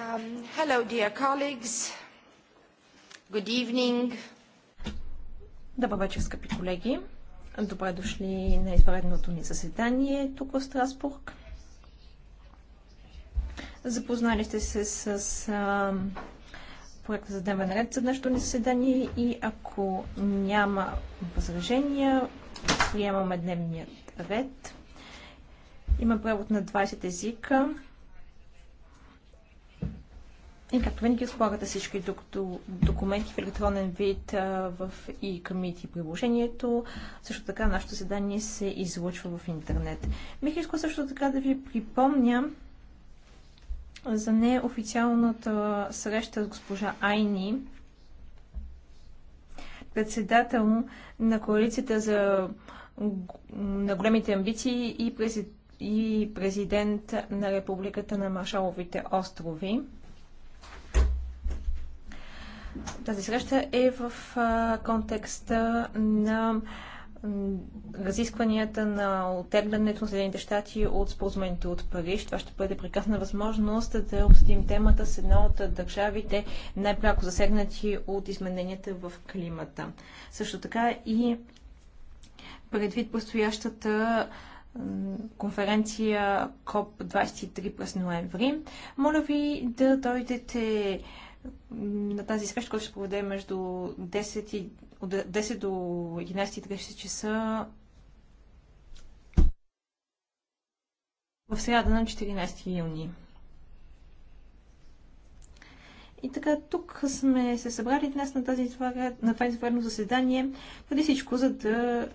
Um, hello, dear colleagues. Good evening. Добър вечер, скъпи колеги. Добре дошли на извънредното ни заседание тук в Страсбург. Запознали сте се с, с проекта за дневен ред за днешното ни заседание и ако няма възражения, приемаме дневният ред. Има превод на 20 езика. И както винаги разполагате всички документи в електронен вид в и камити приложението. Също така нашето задание се излъчва в интернет. Бих искал също така да ви припомня за неофициалната среща с госпожа Айни, председател на коалицията за на големите амбиции и президент на Републиката на Маршаловите острови. Тази среща е в контекста на разискванията на отеглянето на Съединените щати от споразумението от Париж. Това ще бъде прекрасна възможност да обсъдим темата с една от държавите най-пряко засегнати от измененията в климата. Също така и предвид предстоящата конференция КОП 23 през ноември. Моля ви да дойдете на тази среща, която ще проведе между 10, и, от 10 до 11.30 часа в среда на 14 юни. И така, тук сме се събрали днес на, тази на това извънредно заседание, преди всичко за да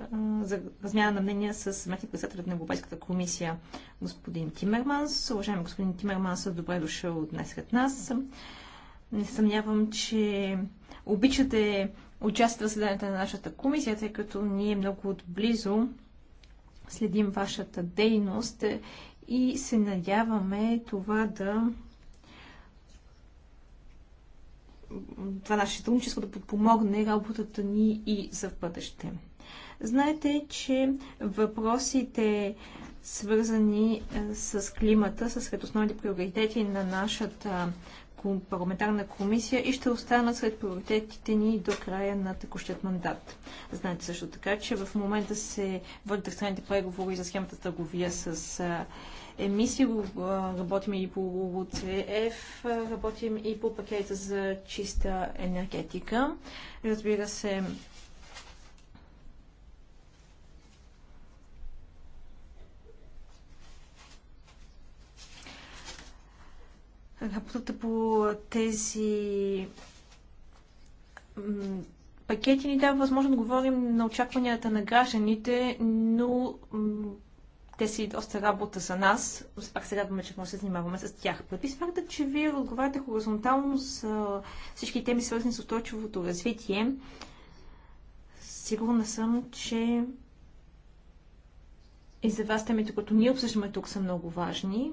за размяна на мнения с съместник председателят на Европейската комисия, господин Тимерманс. Уважаеми господин Тимерманс, добре дошъл днес сред нас. Не съмнявам, че обичате участие в заседанията на нашата комисия, тъй като ние много отблизо следим вашата дейност и се надяваме това да това наше сътрудничество да подпомогне работата ни и за бъдеще. Знаете, че въпросите свързани с климата са сред основните приоритети на нашата парламентарна комисия и ще останат сред приоритетите ни до края на текущият мандат. Знаете също така, че в момента се водят екстранните преговори за схемата търговия с емисии, работим и по ЛУЦФ, работим и по пакета за чиста енергетика. Разбира се, работата по тези пакети ни дава възможност да говорим на очакванията на гражданите, но те си доста работа за нас. Пак се радваме, че може да се занимаваме с тях. Предвид факта, че вие отговаряте хоризонтално с всички теми, свързани с устойчивото развитие, сигурна съм, че и за вас темите, които ние обсъждаме тук, са много важни.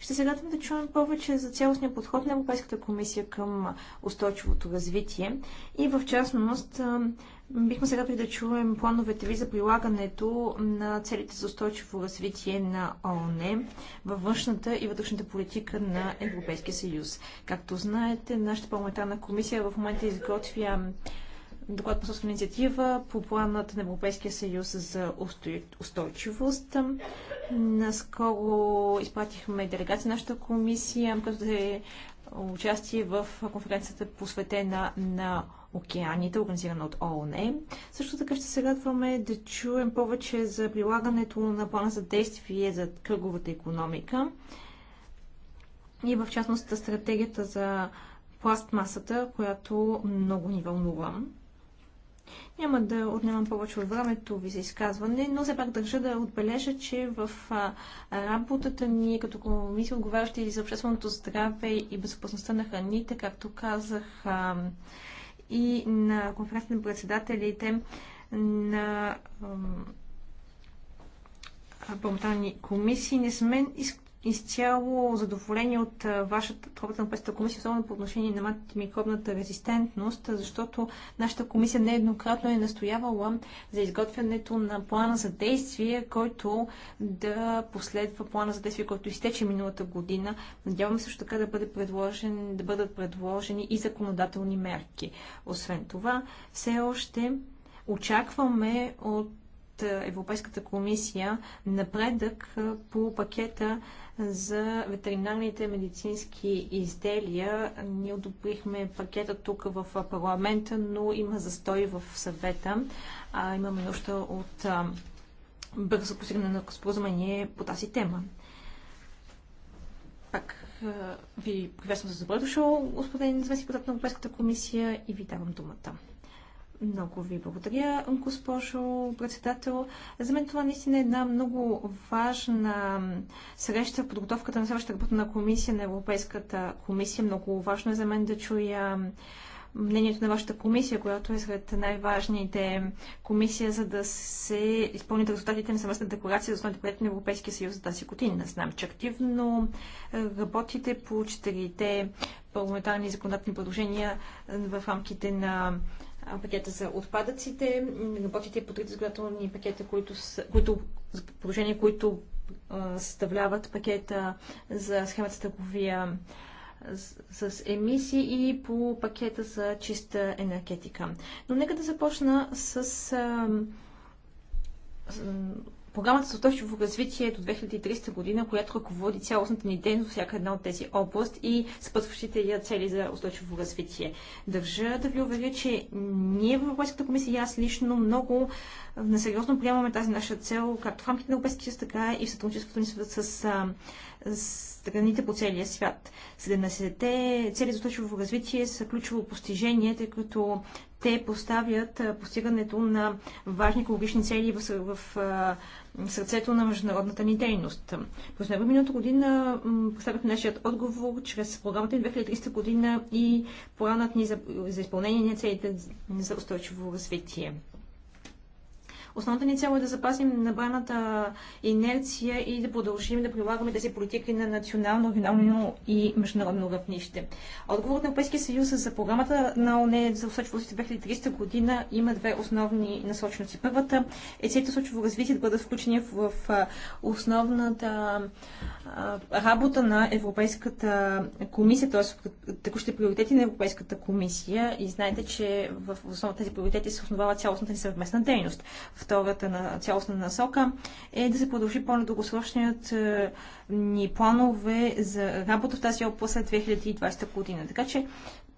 Ще се радвам да чуем повече за цялостния подход на Европейската комисия към устойчивото развитие и в частност бихме се радвали да чуем плановете ви за прилагането на целите за устойчиво развитие на ООН във външната и вътрешната политика на Европейския съюз. Както знаете, нашата парламентарна комисия в момента изготвя доклад по собствена инициатива по планът на Европейския съюз за устойчивост. Наскоро изпратихме делегация на нашата комисия, която е участие в конференцията посветена на океаните, организирана от ООН. Също така ще се радваме да чуем повече за прилагането на плана за действие за кръговата економика и в частност стратегията за пластмасата, която много ни вълнува. Няма да отнемам повече от времето ви за изказване, но все пак държа да отбележа, че в работата ни като комисия, и за общественото здраве и безопасността на храните, както казах и на конференцията на председателите на парламентарни комисии, не сме изцяло задоволени от вашата работа на Европейската комисия, особено по отношение на микробната резистентност, защото нашата комисия нееднократно е настоявала за изготвянето на плана за действие, който да последва плана за действие, който изтече миналата година. Надяваме също така да, бъде предложен, да бъдат предложени и законодателни мерки. Освен това, все още очакваме от Европейската комисия напредък по пакета за ветеринарните медицински изделия. Ние одобрихме пакета тук в парламента, но има застой в съвета. А, имаме нужда от бързо постигане на споразумение по тази тема. Пак ви приветствам за добро дошло, господин Звездник на Европейската комисия и ви давам думата. Много ви благодаря, госпожо председател. За мен това наистина е една много важна среща в подготовката на следващата на комисия на Европейската комисия. Много важно е за мен да чуя мнението на вашата комисия, която е сред най-важните комисия, за да се изпълнят резултатите на съвместна декларация за основните проекти на Европейския съюз за тази година. Знам, че активно работите по четирите парламентарни законодателни предложения в рамките на пакета за отпадъците, работите по трите законодателни пакета, които, са, които положение, които а, съставляват пакета за схемата търговия с, с емисии и по пакета за чиста енергетика. Но нека да започна с а, Програмата за устойчиво развитие до 2300 година, която ръководи цялостната ни дейност всяка една от тези област и съпътстващите я цели за устойчиво развитие. Държа да ви уверя, че ние в Европейската комисия и аз лично много насериозно приемаме тази наша цел, както в рамките на Европейския съюз, така и в сътрудничеството ни с, с, страните по целия свят. 17-те цели за устойчиво развитие са ключово постижение, тъй като те поставят постигането на важни екологични цели в, в сърцето на международната ни дейност. През него миналата година представихме нашият отговор чрез програмата ни 2030 година и планът ни за, за изпълнение на целите за устойчиво развитие. Основната ни цел е да запазим набраната инерция и да продължим да прилагаме тези политики на национално, регионално и международно равнище. Отговорът на Европейския съюз за програмата на ОНЕ за устойчивост 2300 година има две основни насочности. Първата е целите устойчиво развитие да бъдат включени в основната работа на Европейската комисия, т.е. текущите приоритети на Европейската комисия и знаете, че в основната тези приоритети се основава цялостната ни съвместна дейност втората на цялостна насока е да се продължи по-надългосрочният е, ни планове за работа в тази област след 2020 година. Така че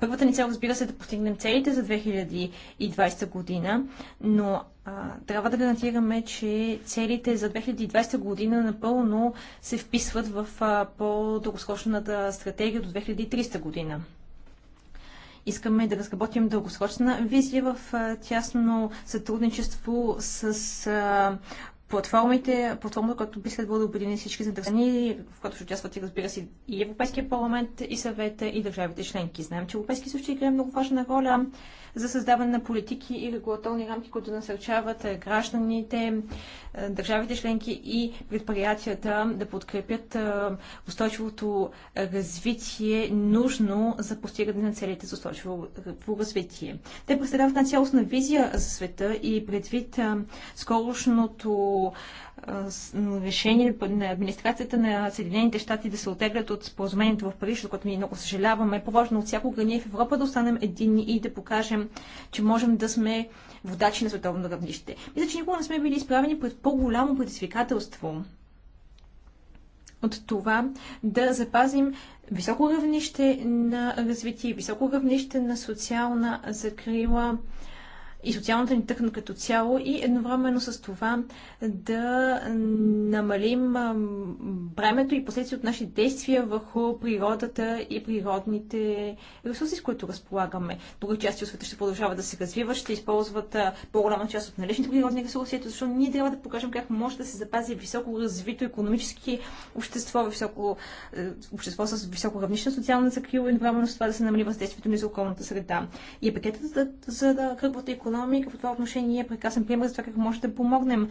първата ни цел, разбира се, е да постигнем целите за 2020 година, но а, трябва да гарантираме, че целите за 2020 година напълно се вписват в по-дългосрочната стратегия до 2300 година. Искаме да разработим дългосрочна визия в тясно сътрудничество с платформите, платформа, която би следвало да обедини всички задържани, в която ще участват и разбира се и Европейския парламент, и съвета, и държавите членки. Знаем, че Европейския съюз ще играе много важна роля за създаване на политики и регулаторни рамки, които насърчават е, гражданите, е, държавите членки и предприятията да подкрепят е, устойчивото развитие, нужно за постигане на целите за устойчиво развитие. Те представляват на цялостна визия за света и предвид скорошното решение на администрацията на Съединените щати да се отеглят от споразумението в Париж, което ние много съжаляваме. По-важно от всякога ние в Европа да останем единни и да покажем, че можем да сме водачи на световно равнище. Мисля, че никога не сме били изправени пред по-голямо предизвикателство от това да запазим високо равнище на развитие, високо равнище на социална закрила, и социалната ни тъкна като цяло и едновременно с това да намалим бремето и последствие от нашите действия върху природата и природните ресурси, с които разполагаме. Други части от света ще продължават да се развиват, ще използват по-голяма част от наличните природни ресурси, защото ние трябва да покажем как може да се запази високо развито економически общество, високо, е, общество с високо равнище социална закрила и едновременно с това да се намали въздействието ни за околната среда. И пакетът за да кръгвата економика економика. В това отношение е прекрасен пример за това как може да помогнем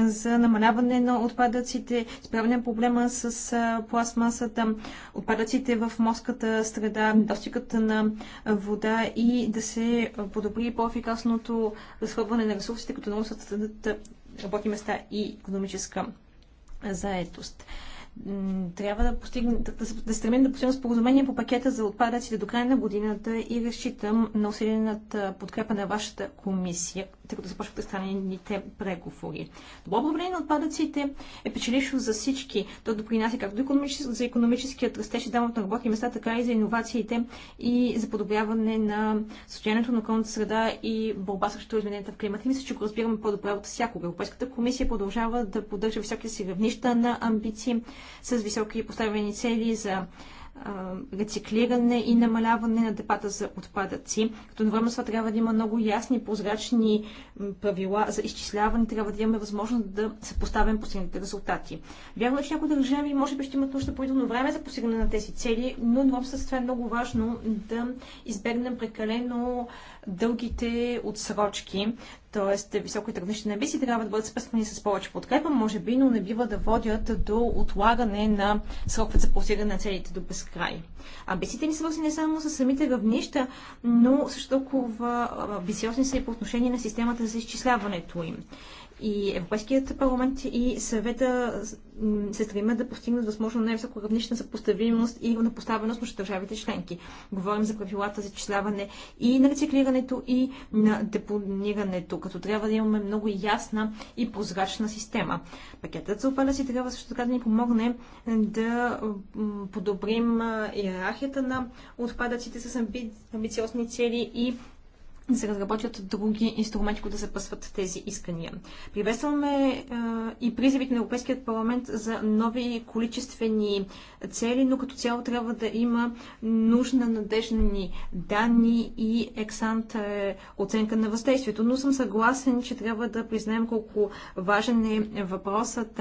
за намаляване на отпадъците, справяне на проблема с пластмасата, отпадъците в морската среда, достигът на вода и да се подобри по-ефикасното разходване на ресурсите, като много създадат работни места и економическа заетост. Трябва да, постигне, да, да стремим да постигнем споразумение по пакета за отпадъците до края на годината и разчитам на усилената подкрепа на вашата комисия, тъй като започват да страните преговори. Добро управление на отпадъците е печелищо за всички. То допринася както за економическият растеж и даването на работни места, така и за иновациите и за подобряване на състоянието на околната среда и борба срещу измененията в климата. мисля, че го разбираме по-добре от всякога. Европейската комисия продължава да поддържа високите си равнища на амбиции с високи поставени цели за рециклиране и намаляване на депата за отпадъци. Като време с това трябва да има много ясни, прозрачни правила за изчисляване, трябва да имаме възможност да съпоставим постигнатите резултати. Вярно е, че някои държави може би ще имат нужда по време за постигане на тези цели, но едновременно с това е много важно да избегнем прекалено дългите отсрочки, т.е. високите равнища на емисии трябва да бъдат съпъствани с повече подкрепа, може би, но не бива да водят до отлагане на срокът за постигане на целите до безкрай. Амбициите ни свързани не само с самите равнища, но също толкова амбициозни са и по отношение на системата за изчисляването им. И Европейският парламент и съвета се стремят да постигнат възможно най-високо равнище на съпоставимост и поставеност между държавите членки. Говорим за правилата за числяване и на рециклирането, и на депонирането, като трябва да имаме много ясна и прозрачна система. Пакетът за опаляци трябва също така да ни помогне е, да подобрим е, иерархията на отпадъците с амбициозни цели и да се разработят други инструменти, които да пъсват тези искания. Приветстваме и призивите на Европейският парламент за нови количествени цели, но като цяло трябва да има нужна надежни данни и ексант е, оценка на въздействието. Но съм съгласен, че трябва да признаем колко важен е въпросът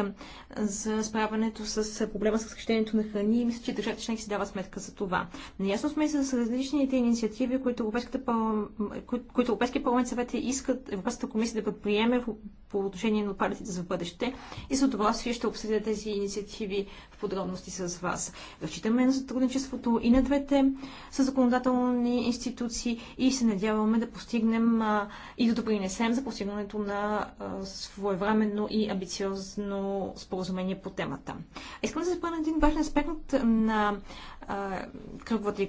за справянето с проблема с разхищението на храни и мисля, че държавите членки си дават сметка за това. Наясно сме с различните инициативи, които Европейската парламент които, които Европейския парламент съвет искат Европейската комисия да предприеме по отношение на отпадъците за бъдеще и с удоволствие ще обсъдя тези инициативи в подробности с вас. Разчитаме на сътрудничеството и на двете с законодателни институции и се надяваме да постигнем а, и да допринесем за постигането на а, своевременно и амбициозно споразумение по темата. Искам да се спомня един важен аспект на кръговата,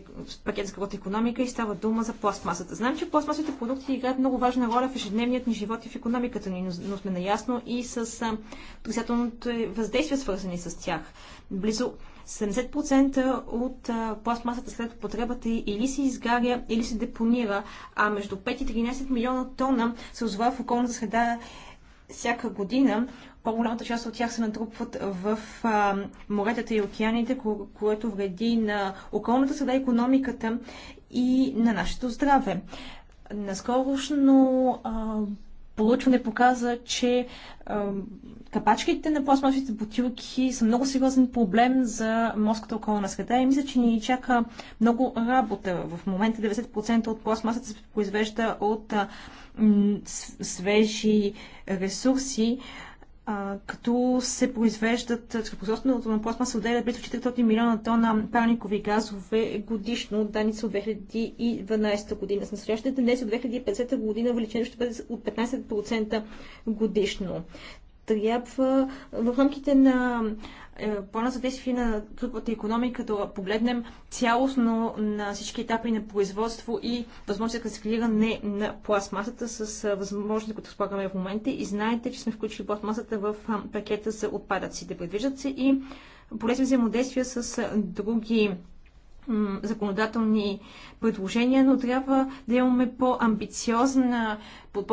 пакет за кръговата економика и става дума за пластмасата. Знаем, че пластмасовите продукти играят много важна роля в ежедневният ни живот и в економиката ни, но сме наясно и с отрицателното е въздействие, свързани с тях. Близо 70% от пластмасата след употребата или се изгаря, или се депонира, а между 5 и 13 милиона тона се озова в околната среда всяка година, по-голямата част от тях се натрупват в а, моретата и океаните, ко което вреди на околната среда, економиката и на нашето здраве. Наскорошно а, получване показа, че а, капачките на пластмасовите бутилки са много сериозен проблем за морската околна среда и мисля, че ни чака много работа. В момента 90% от пластмасата се произвежда от а, свежи ресурси като се произвеждат, че производството на пластмаса се отделя близо 400 милиона тона парникови газове годишно, данни са от 2012 година. С настоящите тенденции от 2050 година увеличението ще бъде от 15% годишно трябва в рамките на е, плана за действие на кръговата економика да погледнем цялостно на всички етапи на производство и възможност за рециклиране на пластмасата с е, възможности, които разполагаме в момента. И знаете, че сме включили пластмасата в е, пакета за отпадъците. Предвиждат се и полезни взаимодействия с други законодателни предложения, но трябва да имаме по-амбициозна по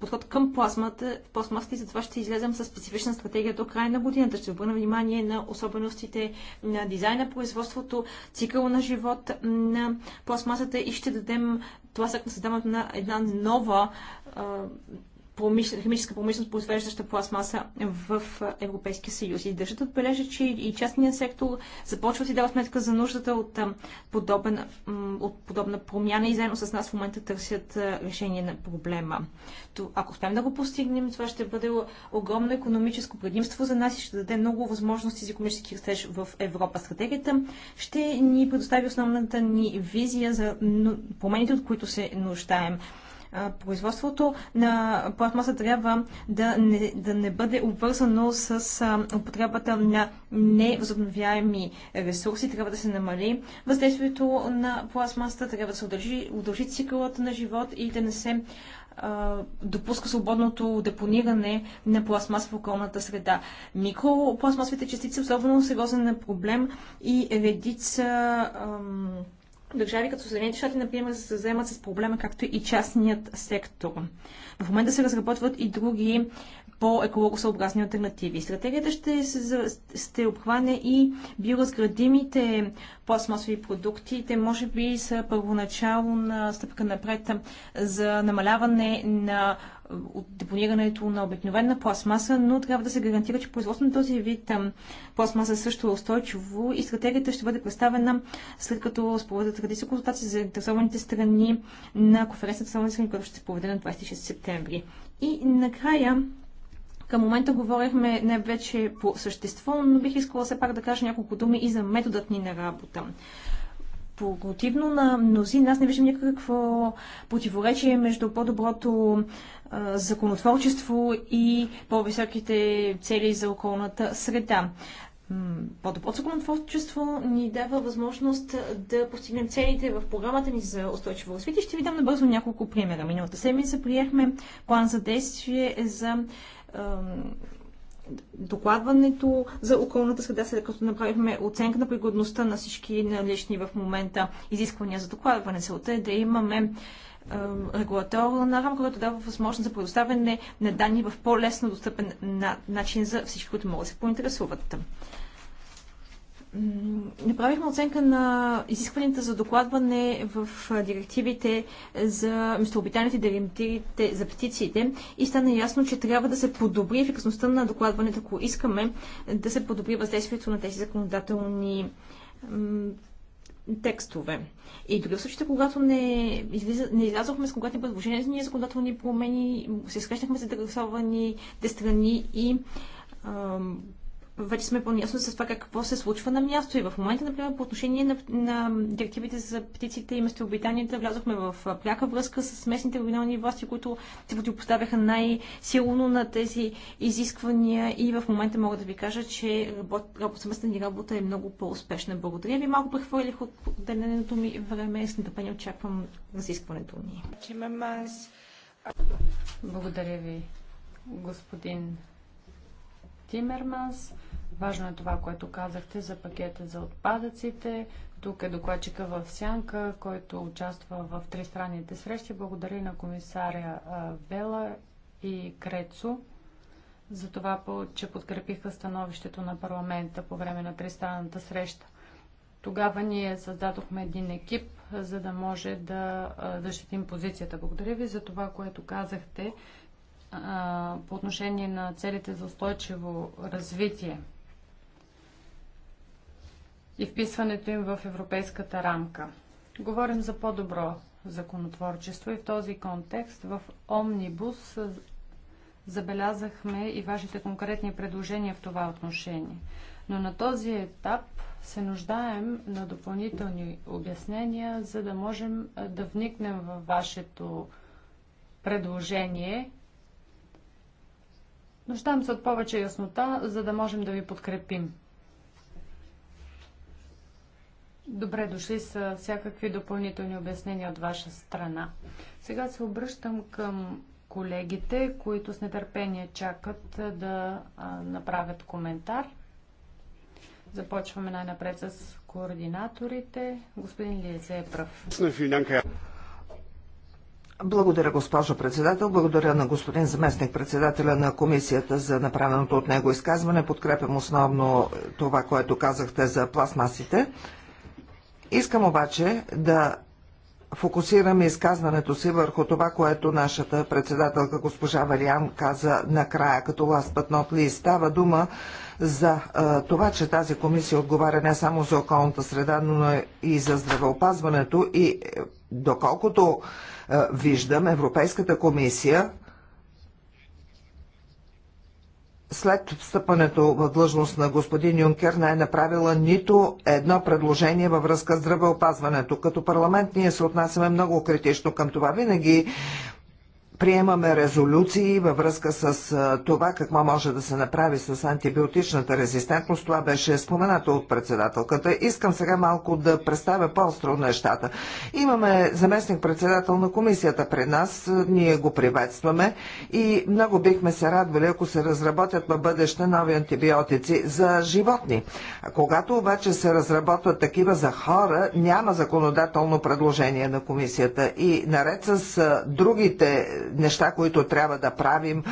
подход към пластмата, пластмасата и затова ще излезем с специфична стратегия до края на годината. Ще обърна внимание на особеностите на дизайна, производството, цикъл на живот на пластмасата и ще дадем тласък на създаването на една нова промишлен, химическа промишленост, произвеждаща пластмаса в Европейския съюз. И държат отбележа, че и частният сектор започва да си дава сметка за нуждата от, подобен, от подобна промяна и заедно с нас в момента търсят решение на проблема. То, ако успеем да го постигнем, това ще бъде огромно економическо предимство за нас и ще даде много възможности за економически растеж в Европа. Стратегията ще ни предостави основната ни визия за промените, от които се нуждаем производството на пластмаса трябва да не, да не бъде обвързано с употребата на невъзобновяеми ресурси, трябва да се намали въздействието на пластмасата, трябва да се удължи, удължи цикълът на живот и да не се допуска свободното депониране на пластмас в околната среда. Микропластмасовите частици особено сериозен е проблем и редица ам, държави като Съединените щати, например, се заемат с проблема, както и частният сектор. В момента се разработват и други по-екологосъобразни альтернативи. Стратегията ще, се, ще обхване и биоразградимите пластмасови продукти. Те може би са първоначално на стъпка напред за намаляване на от депонирането на обикновена пластмаса, но трябва да се гарантира, че производството на този вид пластмаса също е устойчиво и стратегията ще бъде представена след като споведат традиция консултации за интересованите страни на конференцията, която ще се проведе на 26 септември. И накрая към момента говорихме не вече по същество, но бих искала все пак да кажа няколко думи и за методът ни на работа противно на мнози, аз не виждам никакво противоречие между по-доброто законотворчество и по-високите цели за околната среда. По-доброто законотворчество ни дава възможност да постигнем целите в програмата ни за устойчиво развитие. Ще ви дам набързо няколко примера. Миналата седмица приехме план за действие за докладването за околната среда, след като направихме оценка на пригодността на всички налични в момента изисквания за докладване. Целта е да имаме регулаторна рамка, която дава възможност за предоставяне на данни в по-лесно достъпен начин за всички, които могат да се поинтересуват направихме оценка на изискванията за докладване в директивите за местообитаните директивите за птиците и стана ясно, че трябва да се подобри ефикасността на докладването, ако искаме да се подобри въздействието на тези законодателни текстове. И дори в случаите, когато не, излиза, не излязохме с конкретни предложения за ние законодателни промени, се срещнахме с заинтересовани страни и вече сме по-ясно с това какво се случва на място. И в момента, например, по отношение на, на директивите за петициите и местообитанията, влязохме в пряка връзка с местните регионални власти, които се противопоставяха най-силно на тези изисквания. И в момента мога да ви кажа, че работ, съместна ни работа е много по-успешна. Благодаря ви. Малко прехвърлих от отделеното ми време. С нетърпение очаквам разискването ни. Благодаря ви, господин Тимерманс. Важно е това, което казахте за пакета за отпадъците. Тук е докладчика в Сянка, който участва в тристранните срещи. Благодаря на комисаря Вела и Крецо за това, че подкрепиха становището на парламента по време на тристранната среща. Тогава ние създадохме един екип, за да може да защитим позицията. Благодаря ви за това, което казахте по отношение на целите за устойчиво развитие и вписването им в европейската рамка. Говорим за по-добро законотворчество и в този контекст в Омнибус забелязахме и вашите конкретни предложения в това отношение. Но на този етап се нуждаем на допълнителни обяснения, за да можем да вникнем във вашето предложение. Нуждаем се от повече яснота, за да можем да ви подкрепим. Добре дошли са всякакви допълнителни обяснения от ваша страна. Сега се обръщам към колегите, които с нетърпение чакат да направят коментар. Започваме най-напред с координаторите. Господин Лиезе е прав. Благодаря, госпожо председател. Благодаря на господин заместник председателя на комисията за направеното от него изказване. Подкрепям основно това, което казахте за пластмасите. Искам обаче да фокусираме изказването си върху това, което нашата председателка госпожа Вариан каза накрая, като last but not least. Става дума за а, това, че тази комисия отговаря не само за околната среда, но и за здравеопазването и е, доколкото а, виждам, Европейската комисия след встъпането в длъжност на господин Юнкер не е направила нито едно предложение във връзка с здравеопазването. Като парламент ние се отнасяме много критично към това. Винаги приемаме резолюции във връзка с това какво може да се направи с антибиотичната резистентност. Това беше споменато от председателката. Искам сега малко да представя по-остро нещата. Имаме заместник-председател на комисията при нас. Ние го приветстваме и много бихме се радвали, ако се разработят в бъдеще нови антибиотици за животни. А когато обаче се разработват такива за хора, няма законодателно предложение на комисията. И наред с другите неща, които трябва да правим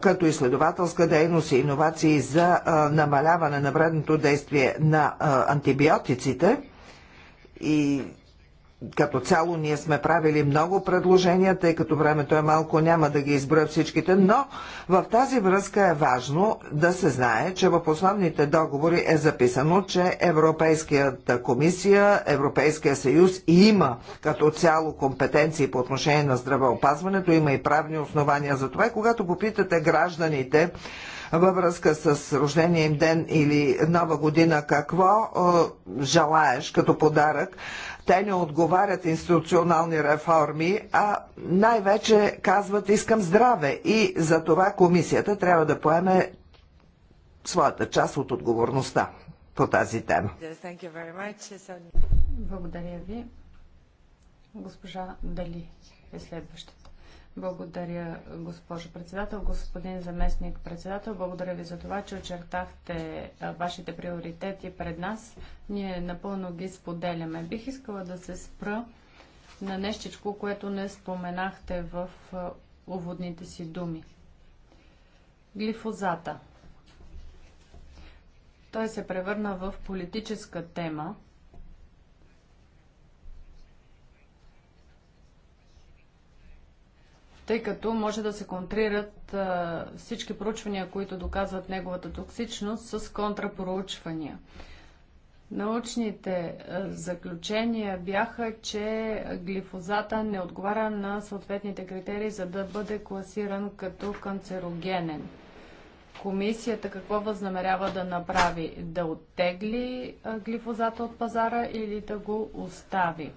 като изследователска дейност и иновации за намаляване на вредното действие на антибиотиците и като цяло ние сме правили много предложения, тъй като времето е малко, няма да ги изброя всичките, но в тази връзка е важно да се знае, че в основните договори е записано, че Европейската комисия, Европейския съюз има като цяло компетенции по отношение на здравеопазването, има и правни основания за това. И когато попитате гражданите, във връзка с рождения им ден или нова година какво е, желаеш като подарък, те не отговарят институционални реформи, а най-вече казват искам здраве и за това комисията трябва да поеме своята част от отговорността по тази тема. Благодаря ви. Госпожа Дали е следващата. Благодаря, госпожо председател. Господин заместник председател, благодаря ви за това, че очертахте вашите приоритети пред нас. Ние напълно ги споделяме. Бих искала да се спра на нещичко, което не споменахте в уводните си думи. Глифозата. Той се превърна в политическа тема тъй като може да се контрират а, всички проучвания, които доказват неговата токсичност с контрапроучвания. Научните заключения бяха, че глифозата не отговаря на съответните критерии, за да бъде класиран като канцерогенен. Комисията какво възнамерява да направи? Да оттегли глифозата от пазара или да го остави?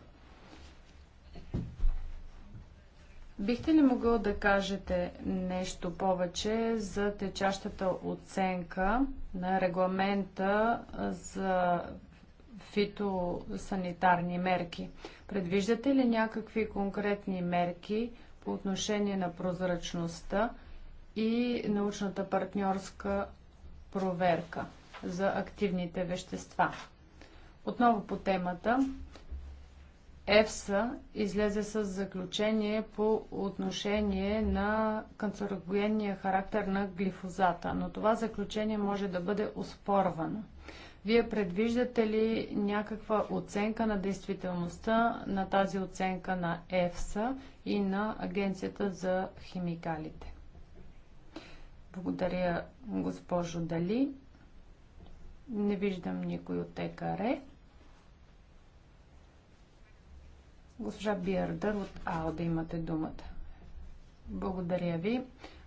Бихте ли могъл да кажете нещо повече за течащата оценка на регламента за фитосанитарни мерки? Предвиждате ли някакви конкретни мерки по отношение на прозрачността и научната партньорска проверка за активните вещества? Отново по темата ЕФСА излезе с заключение по отношение на канцерогенния характер на глифозата, но това заключение може да бъде оспорвано. Вие предвиждате ли някаква оценка на действителността на тази оценка на ЕФСА и на Агенцията за химикалите? Благодаря, госпожо Дали. Не виждам никой от ЕКАРЕ. Госпожа Биардър от АО да имате думата. Благодаря ви.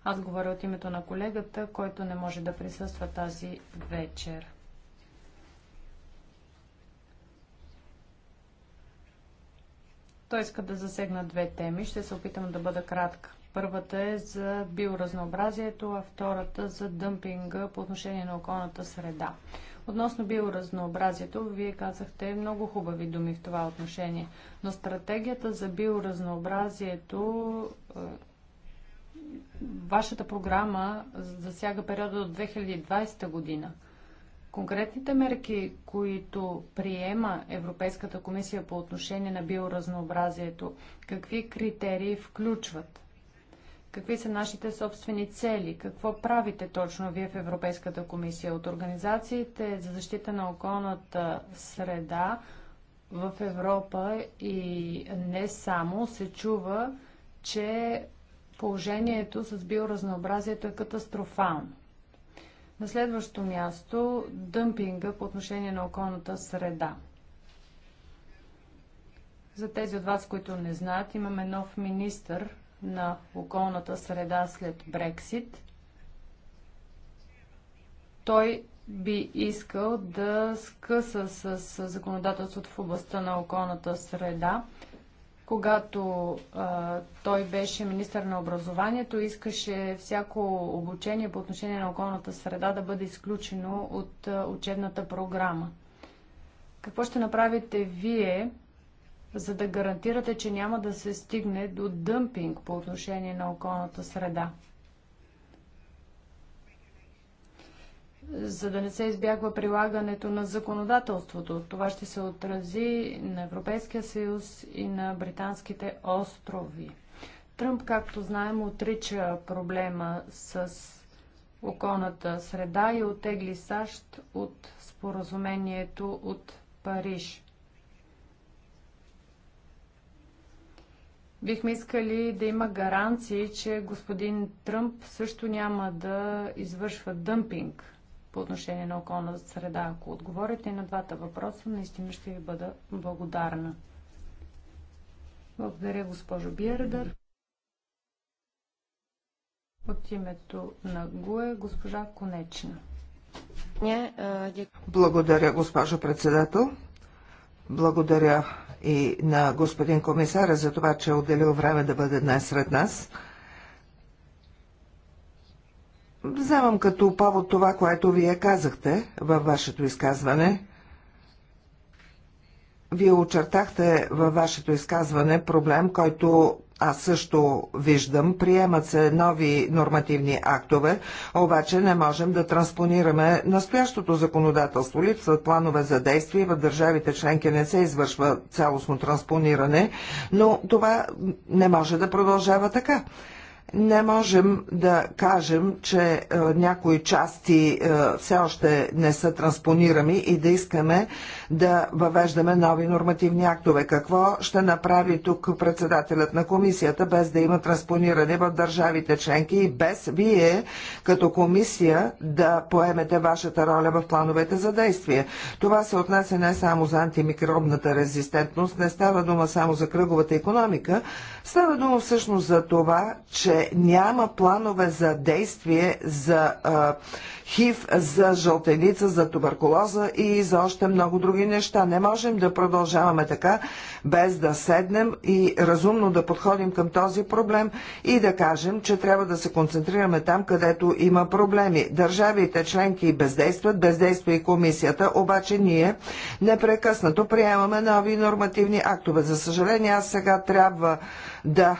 Аз говоря от името на колегата, който не може да присъства тази вечер. Той иска да засегна две теми. Ще се опитам да бъда кратка. Първата е за биоразнообразието, а втората за дъмпинга по отношение на околната среда. Относно биоразнообразието, вие казахте много хубави думи в това отношение, но стратегията за биоразнообразието, е, вашата програма засяга периода от 2020 година. Конкретните мерки, които приема Европейската комисия по отношение на биоразнообразието, какви критерии включват? Какви са нашите собствени цели? Какво правите точно вие в Европейската комисия? От организациите за защита на околната среда в Европа и не само се чува, че положението с биоразнообразието е катастрофално. На следващо място дъмпинга по отношение на околната среда. За тези от вас, които не знаят, имаме нов министър на околната среда след Брексит, той би искал да скъса с законодателството в областта на околната среда. Когато а, той беше министър на образованието, искаше всяко обучение по отношение на околната среда да бъде изключено от а, учебната програма. Какво ще направите вие? за да гарантирате, че няма да се стигне до дъмпинг по отношение на околната среда? за да не се избягва прилагането на законодателството. Това ще се отрази на Европейския съюз и на британските острови. Тръмп, както знаем, отрича проблема с околната среда и отегли САЩ от споразумението от Париж. Бихме искали да има гаранции, че господин Тръмп също няма да извършва дъмпинг по отношение на околната среда. Ако отговорите на двата въпроса, наистина ще ви бъда благодарна. Благодаря, госпожо Биердър. От името на ГУЕ, госпожа Конечна. Благодаря, госпожо председател. Благодаря и на господин комисара за това, че е отделил време да бъде днес сред нас. Вземам като повод това, което вие казахте във вашето изказване. Вие очертахте във вашето изказване проблем, който аз също виждам. Приемат се нови нормативни актове, обаче не можем да транспонираме настоящото законодателство. Липсват планове за действие в държавите членки не се извършва цялостно транспониране, но това не може да продължава така не можем да кажем, че е, някои части е, все още не са транспонирани и да искаме да въвеждаме нови нормативни актове. Какво ще направи тук председателят на комисията, без да има транспониране в държавите членки и без вие като комисия да поемете вашата роля в плановете за действие? Това се отнася не само за антимикробната резистентност, не става дума само за кръговата економика, става дума всъщност за това, че няма планове за действие за а, хив, за жълтеница, за туберкулоза и за още много други неща. Не можем да продължаваме така, без да седнем и разумно да подходим към този проблем и да кажем, че трябва да се концентрираме там, където има проблеми. Държавите членки бездействат, бездейства и комисията, обаче ние непрекъснато приемаме нови нормативни актове. За съжаление, аз сега трябва да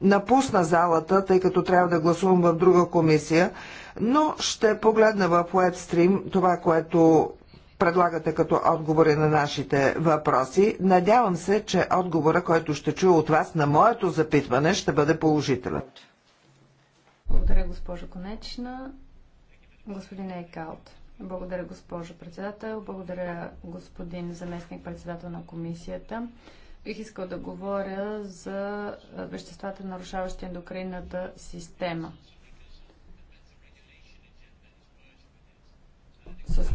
напусна залата, тъй като трябва да гласувам в друга комисия но ще погледна в WebStream това, което предлагате като отговори на нашите въпроси. Надявам се, че отговора, който ще чуя от вас на моето запитване, ще бъде положителен. Благодаря, госпожо Конечна. Господин Ейкалт. Благодаря, госпожо председател. Благодаря, господин заместник председател на комисията. Бих искал да говоря за веществата, нарушаващи ендокринната система. С...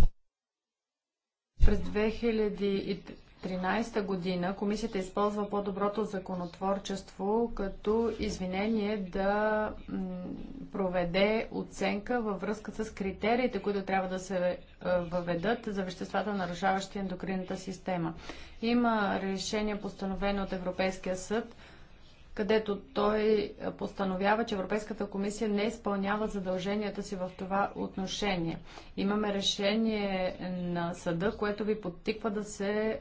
През 2013 година комисията използва по-доброто законотворчество като извинение да проведе оценка във връзка с критериите, които трябва да се е, въведат за веществата, нарушаващи ендокринната система. Има решение постановено от Европейския съд – където той постановява, че Европейската комисия не изпълнява задълженията си в това отношение. Имаме решение на съда, което ви подтиква да се е,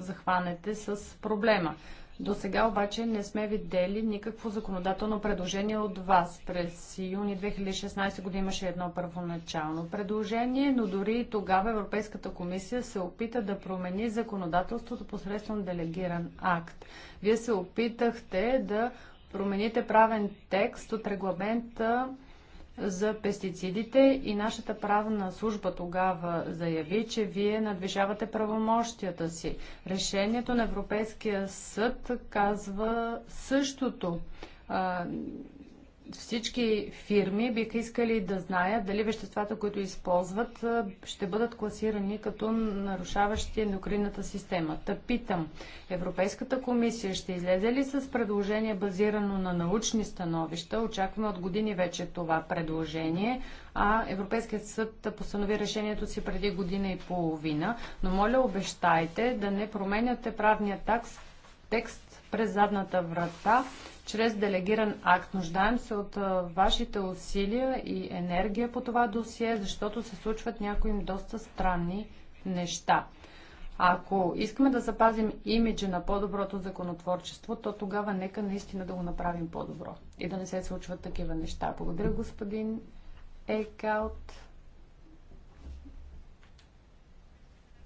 захванете с проблема. До сега обаче не сме видели никакво законодателно предложение от вас. През юни 2016 година имаше едно първоначално предложение, но дори и тогава Европейската комисия се опита да промени законодателството посредством делегиран акт. Вие се опитахте да промените правен текст от регламента за пестицидите и нашата правна служба тогава заяви, че вие надвижавате правомощията си. Решението на Европейския съд казва същото всички фирми биха искали да знаят дали веществата, които използват, ще бъдат класирани като нарушаващи ендокринната система. Та питам, Европейската комисия ще излезе ли с предложение базирано на научни становища? Очакваме от години вече това предложение, а Европейският съд постанови решението си преди година и половина. Но моля, обещайте да не променяте правния такс текст през задната врата, чрез делегиран акт. Нуждаем се от вашите усилия и енергия по това досие, защото се случват някои им доста странни неща. Ако искаме да запазим имиджа на по-доброто законотворчество, то тогава нека наистина да го направим по-добро и да не се случват такива неща. Благодаря, господин Екаут.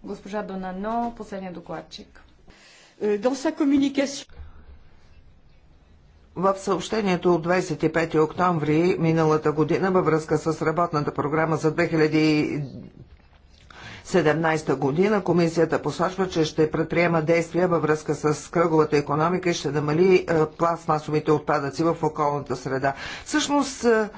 Госпожа Донано, последния докладчик. Е, dans sa communication... В съобщението от 25 октомври миналата година във връзка с работната програма за 2017 година комисията посочва, че ще предприема действия във връзка с кръговата економика и ще намали е, пластмасовите отпадъци в околната среда. Всъщност, е,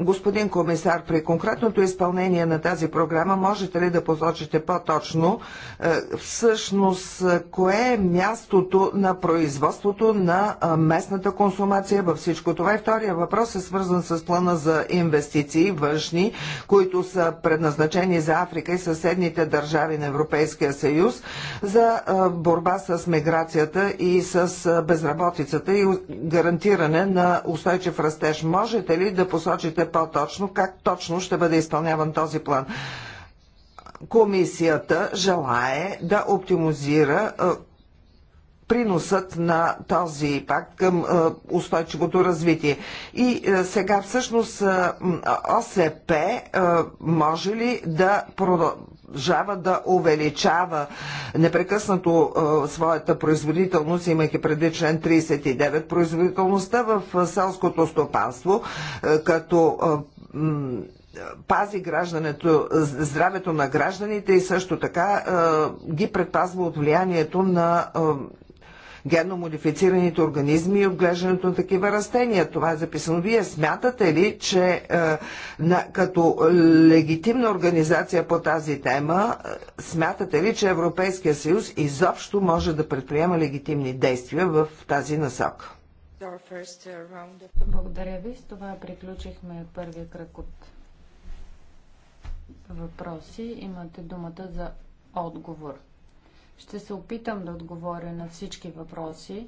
Господин комисар, при конкретното изпълнение на тази програма можете ли да посочите по-точно е, всъщност е, кое е мястото на производството на е, местната консумация във всичко това? И втория въпрос е свързан с плана за инвестиции външни, които са предназначени за Африка и съседните държави на Европейския съюз за борба с миграцията и с безработицата и гарантиране на устойчив растеж. Можете ли да посочите разбере по-точно как точно ще бъде изпълняван този план. Комисията желае да оптимизира е, приносът на този пакт към е, устойчивото развитие. И е, сега всъщност ОСП може ли да продължи продължава да увеличава непрекъснато а, е, своята производителност, имайки преди член 39, производителността в е, селското стопанство, а, е, като пази граждането, здравето на гражданите и също така ги предпазва от влиянието на генномодифицираните организми и отглеждането на такива растения. Това е записано. Вие смятате ли, че е, на, като легитимна организация по тази тема, е, смятате ли, че Европейския съюз изобщо може да предприема легитимни действия в тази насока? Благодаря ви. С това приключихме първия кръг от въпроси. Имате думата за отговор. Ще се опитам да отговоря на всички въпроси.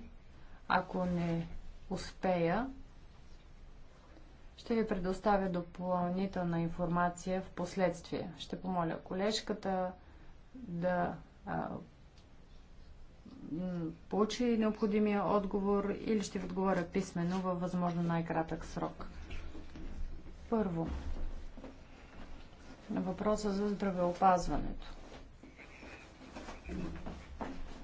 Ако не успея, ще ви предоставя допълнителна информация в последствие. Ще помоля колежката да а, получи необходимия отговор или ще ви отговоря писменно във възможно най-кратък срок. Първо, на въпроса за здравеопазването.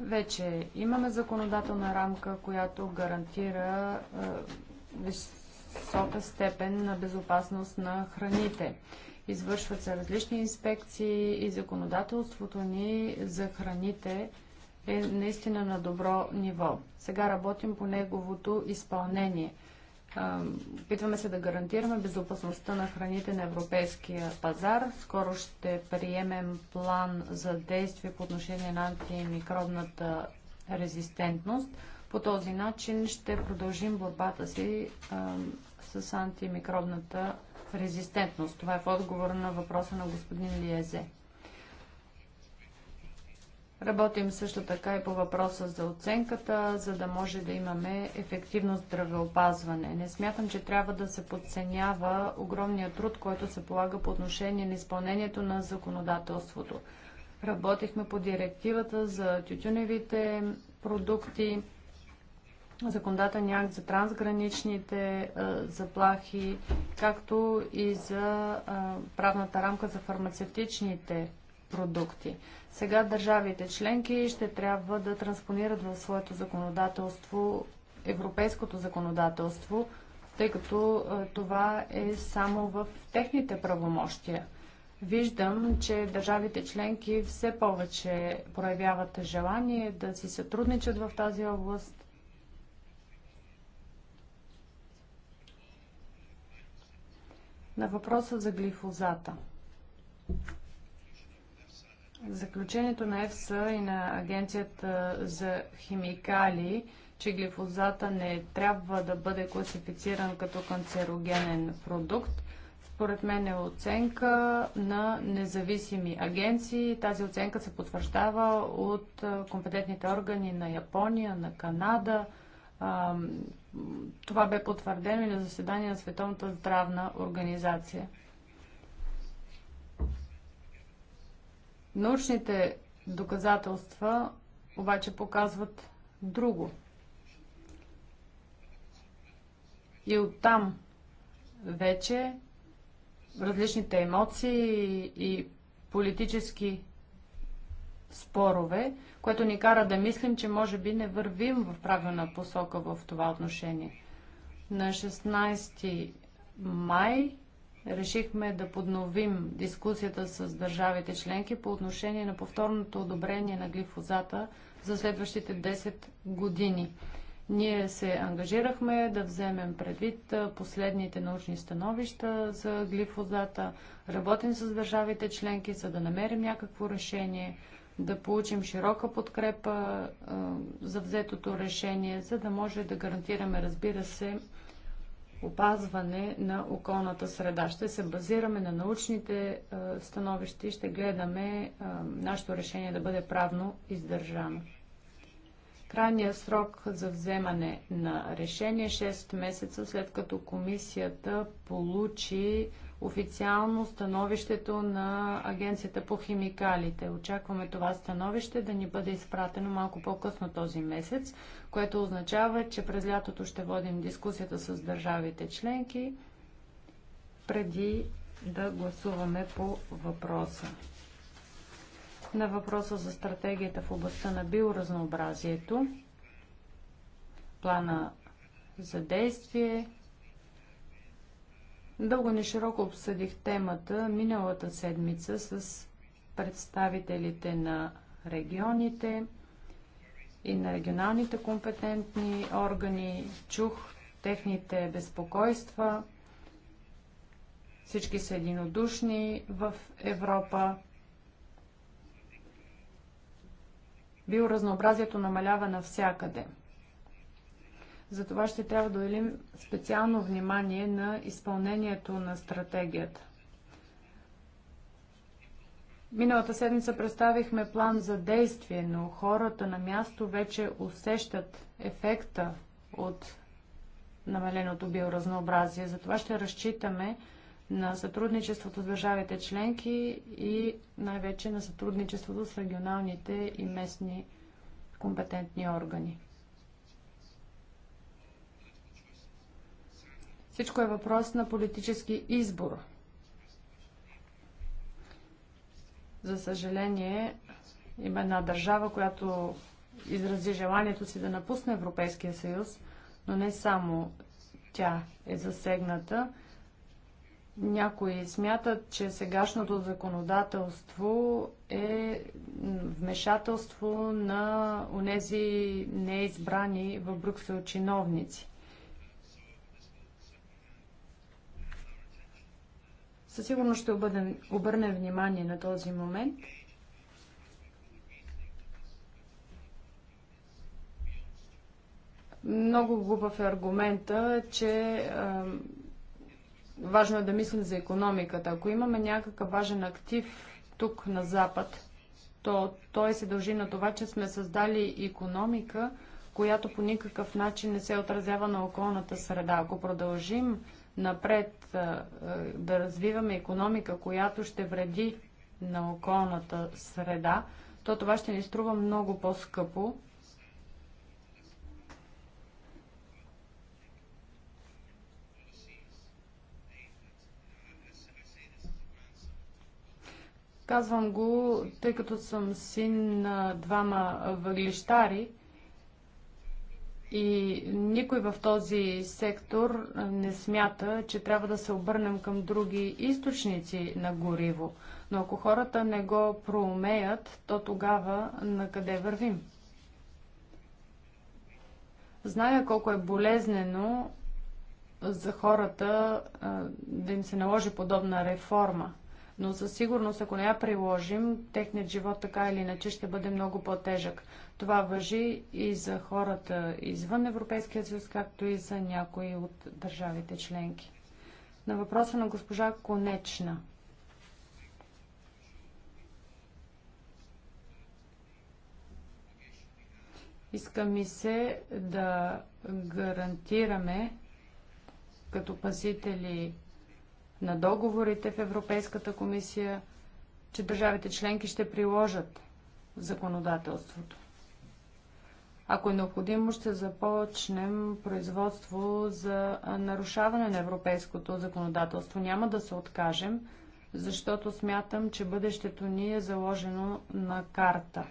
Вече имаме законодателна рамка, която гарантира е, висока степен на безопасност на храните. Извършват се различни инспекции и законодателството ни за храните е наистина на добро ниво. Сега работим по неговото изпълнение – Опитваме се да гарантираме безопасността на храните на европейския пазар. Скоро ще приемем план за действие по отношение на антимикробната резистентност. По този начин ще продължим борбата си а, с антимикробната резистентност. Това е в отговор на въпроса на господин Лиезе. Работим също така и по въпроса за оценката, за да може да имаме ефективно здравеопазване. Не смятам, че трябва да се подценява огромния труд, който се полага по отношение на изпълнението на законодателството. Работихме по директивата за тютюневите продукти, законодателния акт за трансграничните е, заплахи, както и за е, правната рамка за фармацевтичните продукти. Сега държавите членки ще трябва да транспонират в своето законодателство европейското законодателство, тъй като е, това е само в техните правомощия. Виждам, че държавите членки все повече проявяват желание да си сътрудничат в тази област. На въпроса за глифозата. Заключението на ЕФСА и на Агенцията за химикали, че глифозата не трябва да бъде класифициран като канцерогенен продукт, според мен е оценка на независими агенции. Тази оценка се потвърждава от компетентните органи на Япония, на Канада. Това бе потвърдено и на заседание на Световната здравна организация. Научните доказателства обаче показват друго. И оттам вече различните емоции и политически спорове, което ни кара да мислим, че може би не вървим в правилна посока в това отношение. На 16 май решихме да подновим дискусията с държавите членки по отношение на повторното одобрение на глифозата за следващите 10 години. Ние се ангажирахме да вземем предвид последните научни становища за глифозата, работим с държавите членки, за да намерим някакво решение, да получим широка подкрепа за взетото решение, за да може да гарантираме, разбира се, опазване на околната среда. Ще се базираме на научните е, становища и ще гледаме е, нашето решение да бъде правно издържано. Крайният срок за вземане на решение 6 е месеца след като комисията получи официално становището на Агенцията по химикалите. Очакваме това становище да ни бъде изпратено малко по-късно този месец, което означава, че през лятото ще водим дискусията с държавите членки преди да гласуваме по въпроса. На въпроса за стратегията в областта на биоразнообразието, плана за действие, Дълго не широко обсъдих темата миналата седмица с представителите на регионите и на регионалните компетентни органи. Чух техните безпокойства. Всички са единодушни в Европа. Биоразнообразието намалява навсякъде – затова ще трябва да отделим специално внимание на изпълнението на стратегията. Миналата седмица представихме план за действие, но хората на място вече усещат ефекта от намаленото биоразнообразие. Затова ще разчитаме на сътрудничеството с държавите членки и най-вече на сътрудничеството с регионалните и местни компетентни органи. Всичко е въпрос на политически избор. За съжаление, има една държава, която изрази желанието си да напусне Европейския съюз, но не само тя е засегната. Някои смятат, че сегашното законодателство е вмешателство на онези неизбрани в Брюксел чиновници. Със сигурност ще обърнем, обърнем внимание на този момент. Много глупав е аргумента, че е, важно е да мислим за економиката. Ако имаме някакъв важен актив тук на Запад, то той се дължи на това, че сме създали економика, която по никакъв начин не се отразява на околната среда. Ако продължим напред, да развиваме економика, която ще вреди на околната среда, то това ще ни струва много по-скъпо. Казвам го, тъй като съм син на двама въглищари – и никой в този сектор не смята, че трябва да се обърнем към други източници на гориво. Но ако хората не го проумеят, то тогава на къде вървим? Зная колко е болезнено за хората да им се наложи подобна реформа но със сигурност, ако не я приложим, техният живот така или иначе ще бъде много по-тежък. Това въжи и за хората извън Европейския съюз, както и за някои от държавите членки. На въпроса на госпожа Конечна. Иска ми се да гарантираме като пазители на договорите в Европейската комисия, че държавите членки ще приложат законодателството. Ако е необходимо, ще започнем производство за нарушаване на европейското законодателство. Няма да се откажем, защото смятам, че бъдещето ни е заложено на карта.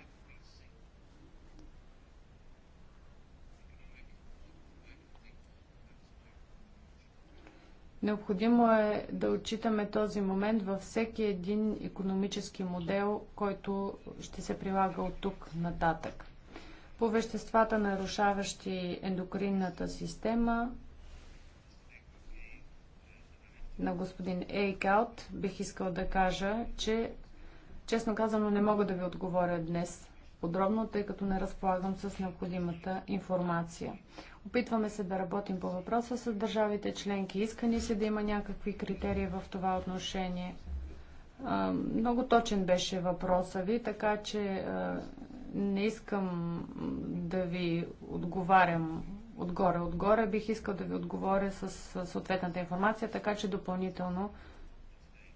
Необходимо е да отчитаме този момент във всеки един економически модел, който ще се прилага от тук нататък. По веществата, нарушаващи ендокринната система, на господин Ейкаут бих искал да кажа, че честно казано не мога да ви отговоря днес подробно, тъй като не разполагам с необходимата информация. Опитваме се да работим по въпроса с държавите членки. Искани се да има някакви критерии в това отношение. Много точен беше въпроса ви, така че не искам да ви отговарям отгоре. Отгоре бих искал да ви отговоря с съответната информация, така че допълнително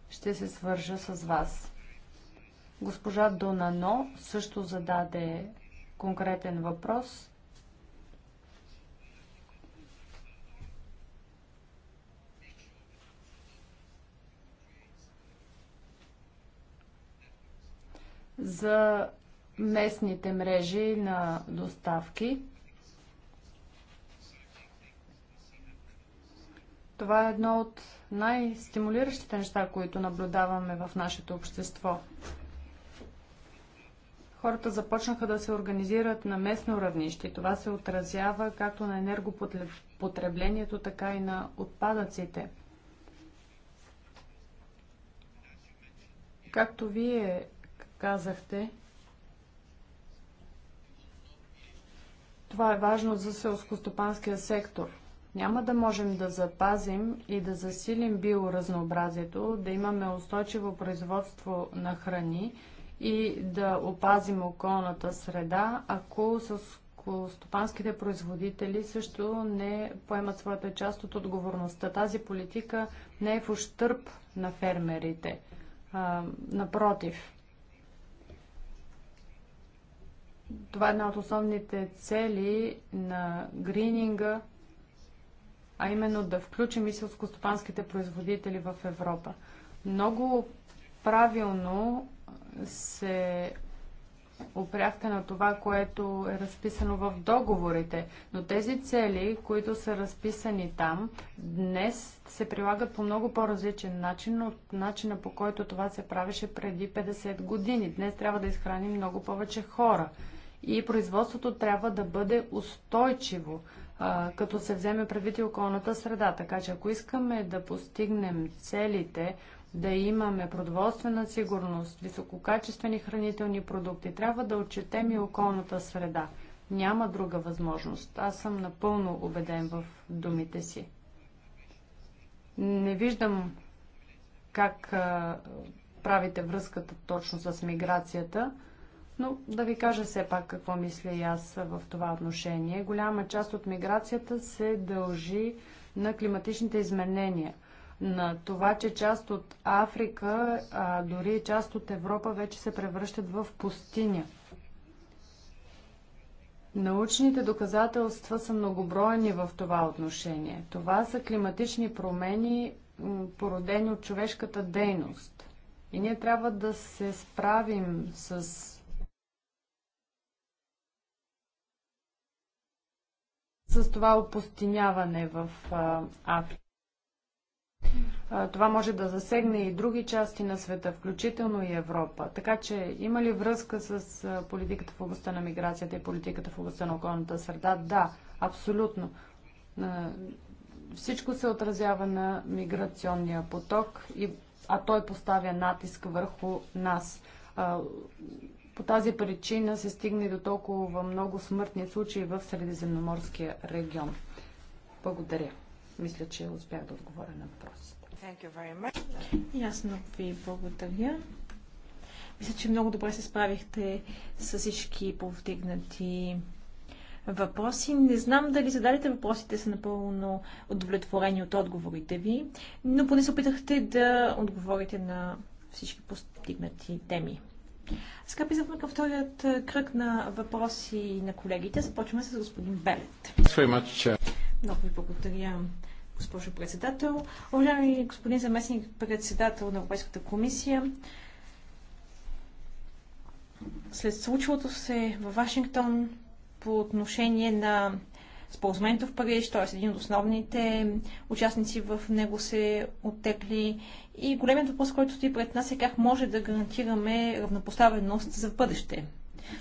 ще се свържа с вас. Госпожа Донано също зададе конкретен въпрос. за местните мрежи на доставки. Това е едно от най-стимулиращите неща, които наблюдаваме в нашето общество хората започнаха да се организират на местно равнище. Това се отразява както на енергопотреблението, така и на отпадъците. Както вие казахте, това е важно за селскостопанския сектор. Няма да можем да запазим и да засилим биоразнообразието, да имаме устойчиво производство на храни – и да опазим околната среда, ако с стопанските производители също не поемат своята част от отговорността. Тази политика не е в ущърп на фермерите. А, напротив, това е една от основните цели на грининга, а именно да включим и селскостопанските производители в Европа. Много правилно се опряхте на това, което е разписано в договорите. Но тези цели, които са разписани там, днес се прилагат по много по-различен начин от начина по който това се правеше преди 50 години. Днес трябва да изхраним много повече хора. И производството трябва да бъде устойчиво, като се вземе предвид и околната среда. Така че ако искаме да постигнем целите да имаме продоволствена сигурност, висококачествени хранителни продукти, трябва да отчетем и околната среда. Няма друга възможност. Аз съм напълно убеден в думите си. Не виждам как а, правите връзката точно с миграцията, но да ви кажа все пак какво мисля и аз в това отношение. Голяма част от миграцията се дължи на климатичните изменения – на това, че част от Африка, а дори част от Европа вече се превръщат в пустиня. Научните доказателства са многобройни в това отношение. Това са климатични промени, породени от човешката дейност. И ние трябва да се справим с с това опустиняване в Африка. Това може да засегне и други части на света, включително и Европа. Така че има ли връзка с политиката в областта на миграцията и политиката в областта на околната среда? Да, абсолютно. Всичко се отразява на миграционния поток, а той поставя натиск върху нас. По тази причина се стигне до толкова много смъртни случаи в Средиземноморския регион. Благодаря. Мисля, че успях да отговоря на въпросите. Ясно ви благодаря. Мисля, че много добре се справихте с всички повдигнати въпроси. Не знам дали зададете въпросите са напълно удовлетворени от отговорите ви, но поне се опитахте да отговорите на всички постигнати теми. Сега писахме към вторият е, кръг на въпроси на колегите. Започваме с господин Белет. Много ви благодаря, госпожо председател. Уважаеми господин заместник председател на Европейската комисия, след случилото се във Вашингтон по отношение на споразумението в Париж, т.е. един от основните участници в него се оттекли. И големият въпрос, който стои пред нас е как може да гарантираме равнопоставеност за бъдеще.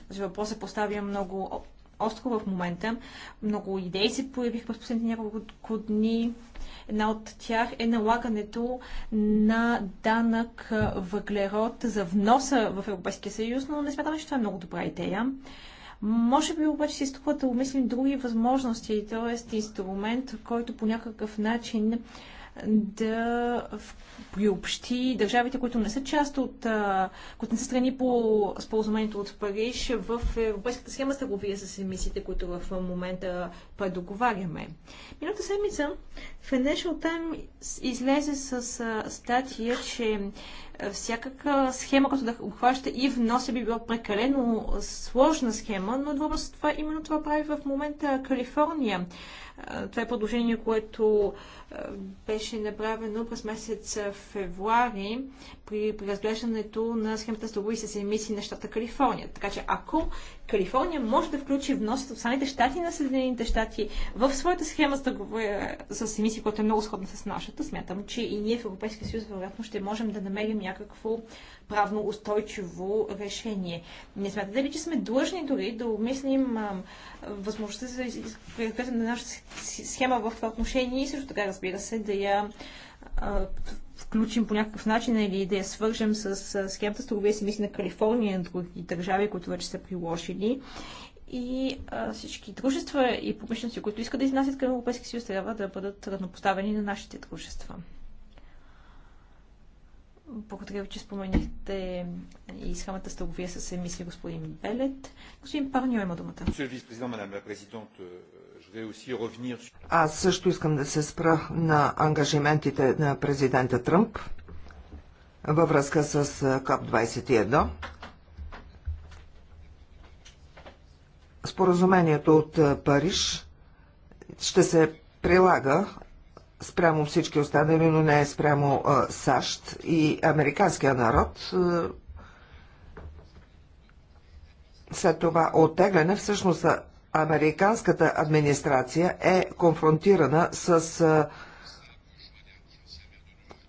Този въпрос се поставя много остро в момента. Много идеи се появих в последните няколко дни. Една от тях е налагането на данък въглерод за вноса в Европейския съюз, но не смятам, че това е много добра идея. Може би обаче си струва да умислим други възможности, т.е. инструмент, който по някакъв начин да приобщи държавите, които не са част от, които не са страни по споразумението от Париж в Европейската схема с търговия с емисиите, които в момента предоговаряме. Миналата седмица Financial Times излезе с статия, че всякаква схема, която да обхваща и вноса би била прекалено сложна схема, но въпросът е това именно това прави в момента Калифорния. Това е предложение, което беше направено през месец февруари при разглеждането на схемата с търгови с емисии на щата Калифорния. Така че ако Калифорния може да включи внос от самите щати на Съединените щати в своята схема с, търговия, с емисии, която е много сходна с нашата, смятам, че и ние в Европейския съюз вероятно ще можем да намерим някакво правно устойчиво решение. Не смятате ли, че сме длъжни дори да обмислим възможността за изграждане на нашата схема в това отношение и също така, разбира се, да я включим по някакъв начин или да я свържем с схемата с си мисли на Калифорния и на други държави, които вече са приложили и а, всички дружества и публичности, които искат да изнасят към Европейския съюз, трябва да бъдат равнопоставени на нашите дружества. Благодаря ви, че споменихте и схемата с търговия с емисии, господин Белет. Господин Парнио има думата. Euh, Аз също искам да се спра на ангажиментите на президента Тръмп във връзка с КОП-21. Споразумението от Париж ще се прилага спрямо всички останали, но не е спрямо а, САЩ и американския народ. А, след това оттегляне, всъщност американската администрация е конфронтирана с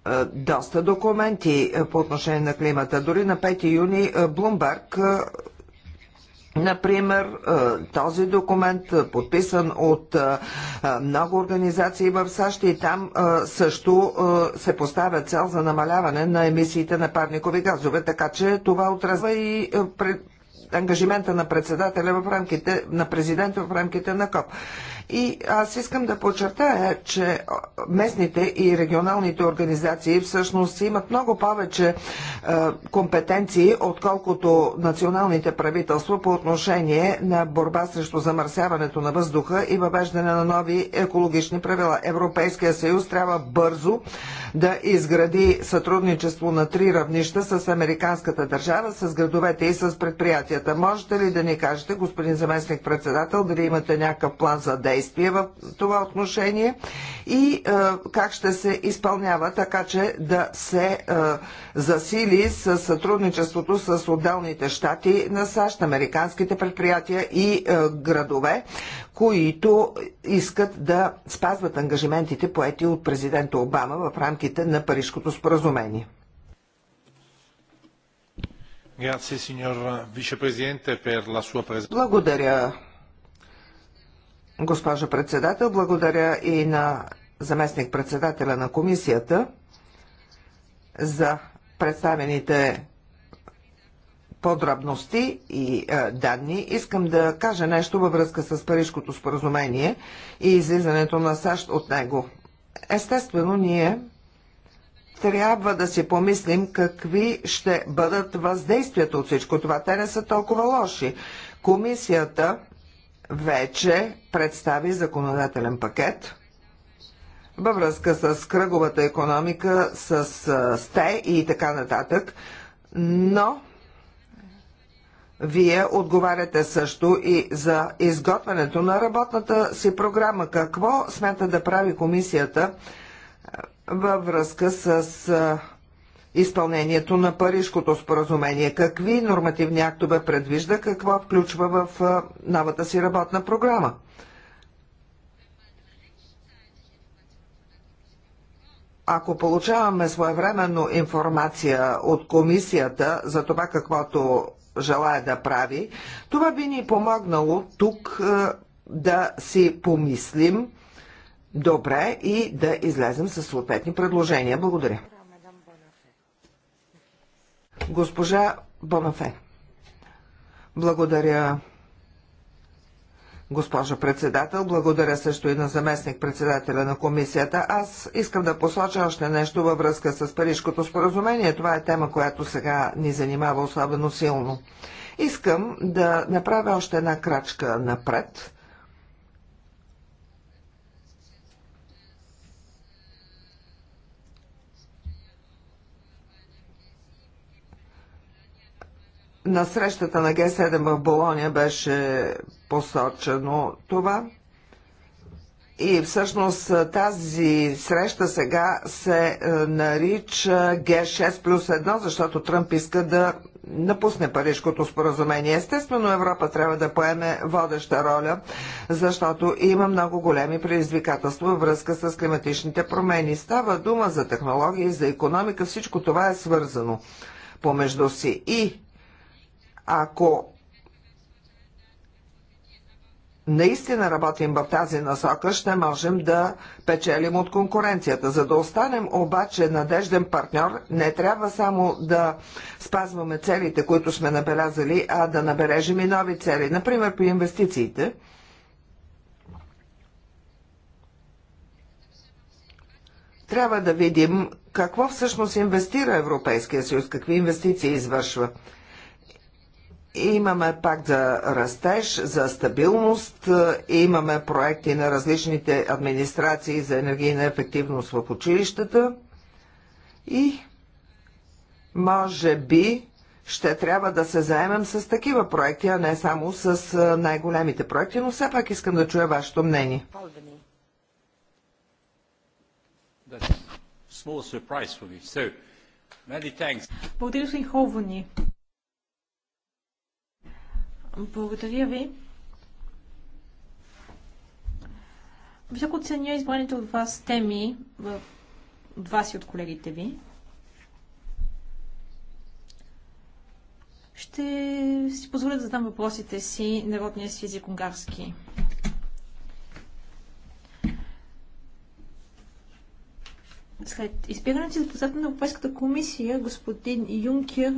а, доста документи по отношение на климата. Дори на 5 юни Блумбарк. Например, е, този документ, е, подписан от е, много организации в САЩ и там също се поставя цел за намаляване на емисиите на парникови газове, така че това отразва и ангажимента на председателя в рамките, на президента в рамките на КОП. И аз искам да подчертая, че местните и регионалните организации всъщност имат много повече е, компетенции, отколкото националните правителства по отношение на борба срещу замърсяването на въздуха и въвеждане на нови екологични правила. Европейския съюз трябва бързо да изгради сътрудничество на три равнища с американската държава, с градовете и с предприятията. Можете ли да ни кажете, господин заместник председател, дали имате някакъв план за действие? действия в това отношение и е, как ще се изпълнява, така че да се е, засили с сътрудничеството с отделните щати на САЩ, американските предприятия и е, градове, които искат да спазват ангажиментите поети от президента Обама в рамките на Парижското споразумение. Благодаря, Госпожо председател, благодаря и на заместник председателя на комисията за представените подробности и е, данни, искам да кажа нещо във връзка с Парижското споразумение и излизането на САЩ от него. Естествено, ние трябва да си помислим какви ще бъдат въздействията от всичко това. Те не са толкова лоши. Комисията вече представи законодателен пакет във връзка с кръговата економика, с сте и така нататък, но вие отговаряте също и за изготвянето на работната си програма. Какво смята да прави комисията във връзка с изпълнението на Парижкото споразумение. Какви нормативни актове предвижда, какво включва в новата си работна програма? Ако получаваме своевременно информация от комисията за това каквото желая да прави, това би ни помогнало тук да си помислим добре и да излезем със съответни предложения. Благодаря. Госпожа Бонафе. Благодаря, госпожа председател. Благодаря също и на заместник председателя на комисията. Аз искам да посоча още нещо във връзка с Парижкото споразумение. Това е тема, която сега ни занимава особено силно. Искам да направя още една крачка напред на срещата на Г7 в Болония беше посочено това. И всъщност тази среща сега се е, нарича Г6 плюс 1, защото Тръмп иска да напусне Парижкото споразумение. Естествено, Европа трябва да поеме водеща роля, защото има много големи предизвикателства във връзка с климатичните промени. Става дума за технологии, за економика, всичко това е свързано помежду си. И ако наистина работим в тази насока, ще можем да печелим от конкуренцията. За да останем обаче надежден партньор, не трябва само да спазваме целите, които сме набелязали, а да набережим и нови цели. Например, при инвестициите. Трябва да видим какво всъщност инвестира Европейския съюз, какви инвестиции извършва. Имаме пакт за растеж, за стабилност, имаме проекти на различните администрации за енергийна ефективност в училищата и може би ще трябва да се заемем с такива проекти, а не само с най-големите проекти, но все пак искам да чуя вашето мнение. Благодаря, господин Холвани. Благодаря ви. Високо ценя избраните от вас теми, от вас и от колегите ви. Ще си позволя да задам въпросите си народния си език унгарски. След избирането си за председател на Европейската комисия, господин Юнкер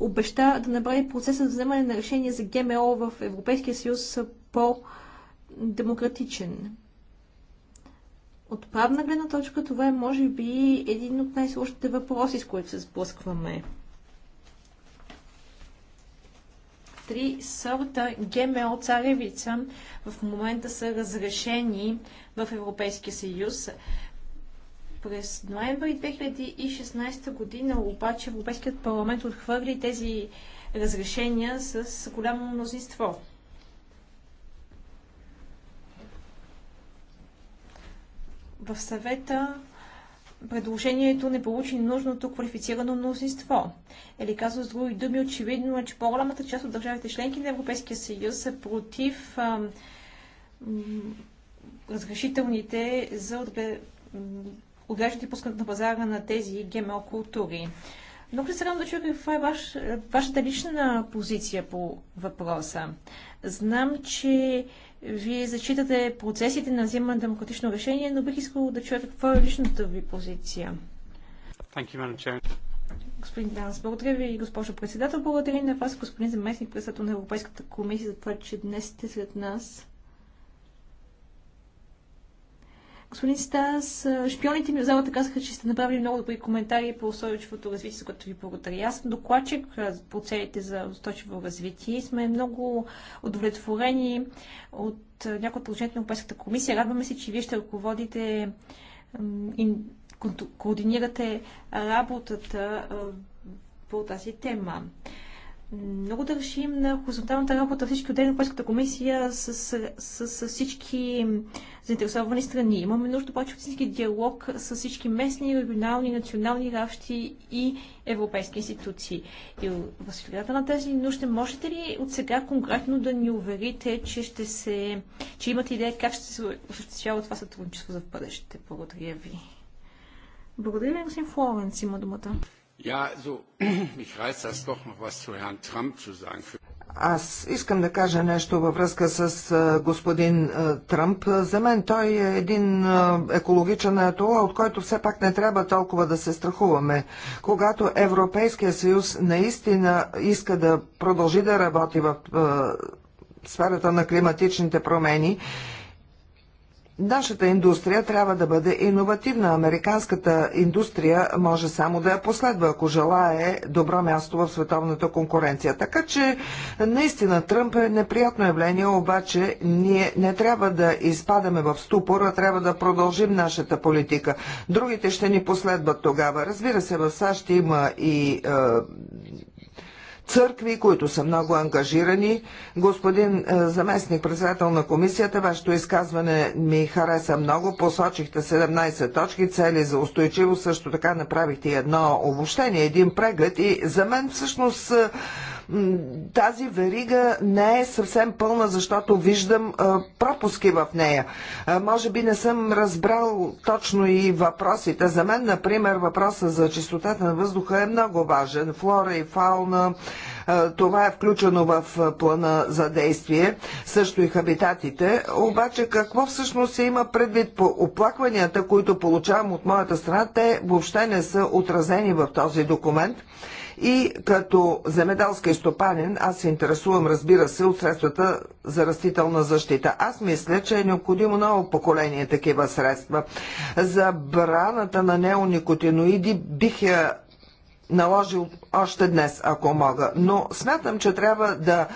обеща да направи процеса за вземане на решение за ГМО в Европейския съюз по-демократичен. От правна гледна точка това е, може би, един от най-сложните въпроси, с които се сблъскваме. три сорта ГМО царевица в момента са разрешени в Европейския съюз. През ноември 2016 година обаче Европейският парламент отхвърли тези разрешения с голямо мнозинство. В съвета предложението не получи нужното квалифицирано мнозинство. Или казва с други думи, очевидно е, че по-голямата част от държавите членки на Европейския съюз са против а, разрешителните за отглед отглеждат и пускат на пазара на тези ГМО култури. Много се радвам да чуя каква е ваш, вашата лична позиция по въпроса. Знам, че вие зачитате процесите на взимане на демократично решение, но бих искал да чуя каква е личната ви позиция. You, господин Данс, благодаря ви, госпожо председател. Благодаря и на вас, господин заместник председател на Европейската комисия, за това, че днес сте сред нас. Господин Стас, шпионите ми в залата казаха, че сте направили много добри коментари по устойчивото развитие, за което ви благодаря. Аз съм докладчик по целите за устойчиво развитие и сме много удовлетворени от някои от положението на Европейската комисия. Радваме се, че вие ще ръководите и координирате работата по тази тема. Много държим на хоризонталната работа всички от Европейската комисия с, с, с, с всички заинтересовани страни. Имаме нужда повече от всички диалог с всички местни, регионални, национални равщи и европейски институции. И в светлината на тези нужди, можете ли от сега конкретно да ни уверите, че, ще се, че имате идея как ще се осъществява това сътрудничество за в бъдеще? Благодаря ви. Благодаря ви, господин Флоренс. Има думата. Аз искам да кажа нещо във връзка с господин Тръмп. За мен той е един екологичен атола, от който все пак не трябва толкова да се страхуваме. Когато Европейския съюз наистина иска да продължи да работи в сферата на климатичните промени, Нашата индустрия трябва да бъде иновативна. Американската индустрия може само да я последва, ако желае добро място в световната конкуренция. Така че наистина Тръмп е неприятно явление, обаче ние не трябва да изпадаме в ступор, а трябва да продължим нашата политика. Другите ще ни последват тогава. Разбира се, в САЩ има и. Е, църкви, които са много ангажирани. Господин е, заместник председател на комисията, вашето изказване ми хареса много. Посочихте 17 точки, цели за устойчиво. Също така направихте едно обобщение, един преглед и за мен всъщност е, тази верига не е съвсем пълна, защото виждам пропуски в нея. Може би не съм разбрал точно и въпросите. За мен, например, въпроса за чистотата на въздуха е много важен. Флора и фауна, това е включено в плана за действие, също и хабитатите. Обаче какво всъщност се има предвид по оплакванията, които получавам от моята страна, те въобще не са отразени в този документ. И като земеделски стопанин аз се интересувам, разбира се, от средствата за растителна защита. Аз мисля, че е необходимо ново поколение такива средства. Забраната на неоникотиноиди бих я наложил още днес, ако мога. Но смятам, че трябва да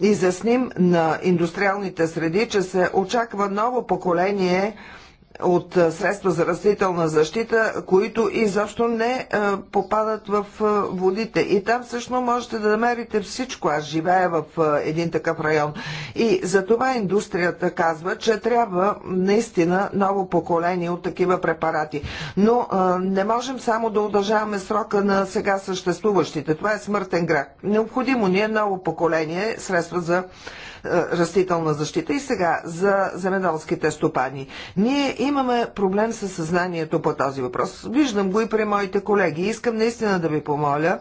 изясним на индустриалните среди, че се очаква ново поколение от средства за растителна защита, които изобщо не попадат в водите. И там всъщност можете да намерите всичко. Аз живея в един такъв район. И за това индустрията казва, че трябва наистина ново поколение от такива препарати. Но не можем само да удължаваме срока на сега съществуващите. Това е смъртен град. Необходимо ни е ново поколение средства за е, растителна защита. И сега за земеделските стопани. Ние имаме проблем със съзнанието по този въпрос. Виждам го и при моите колеги. Искам наистина да ви помоля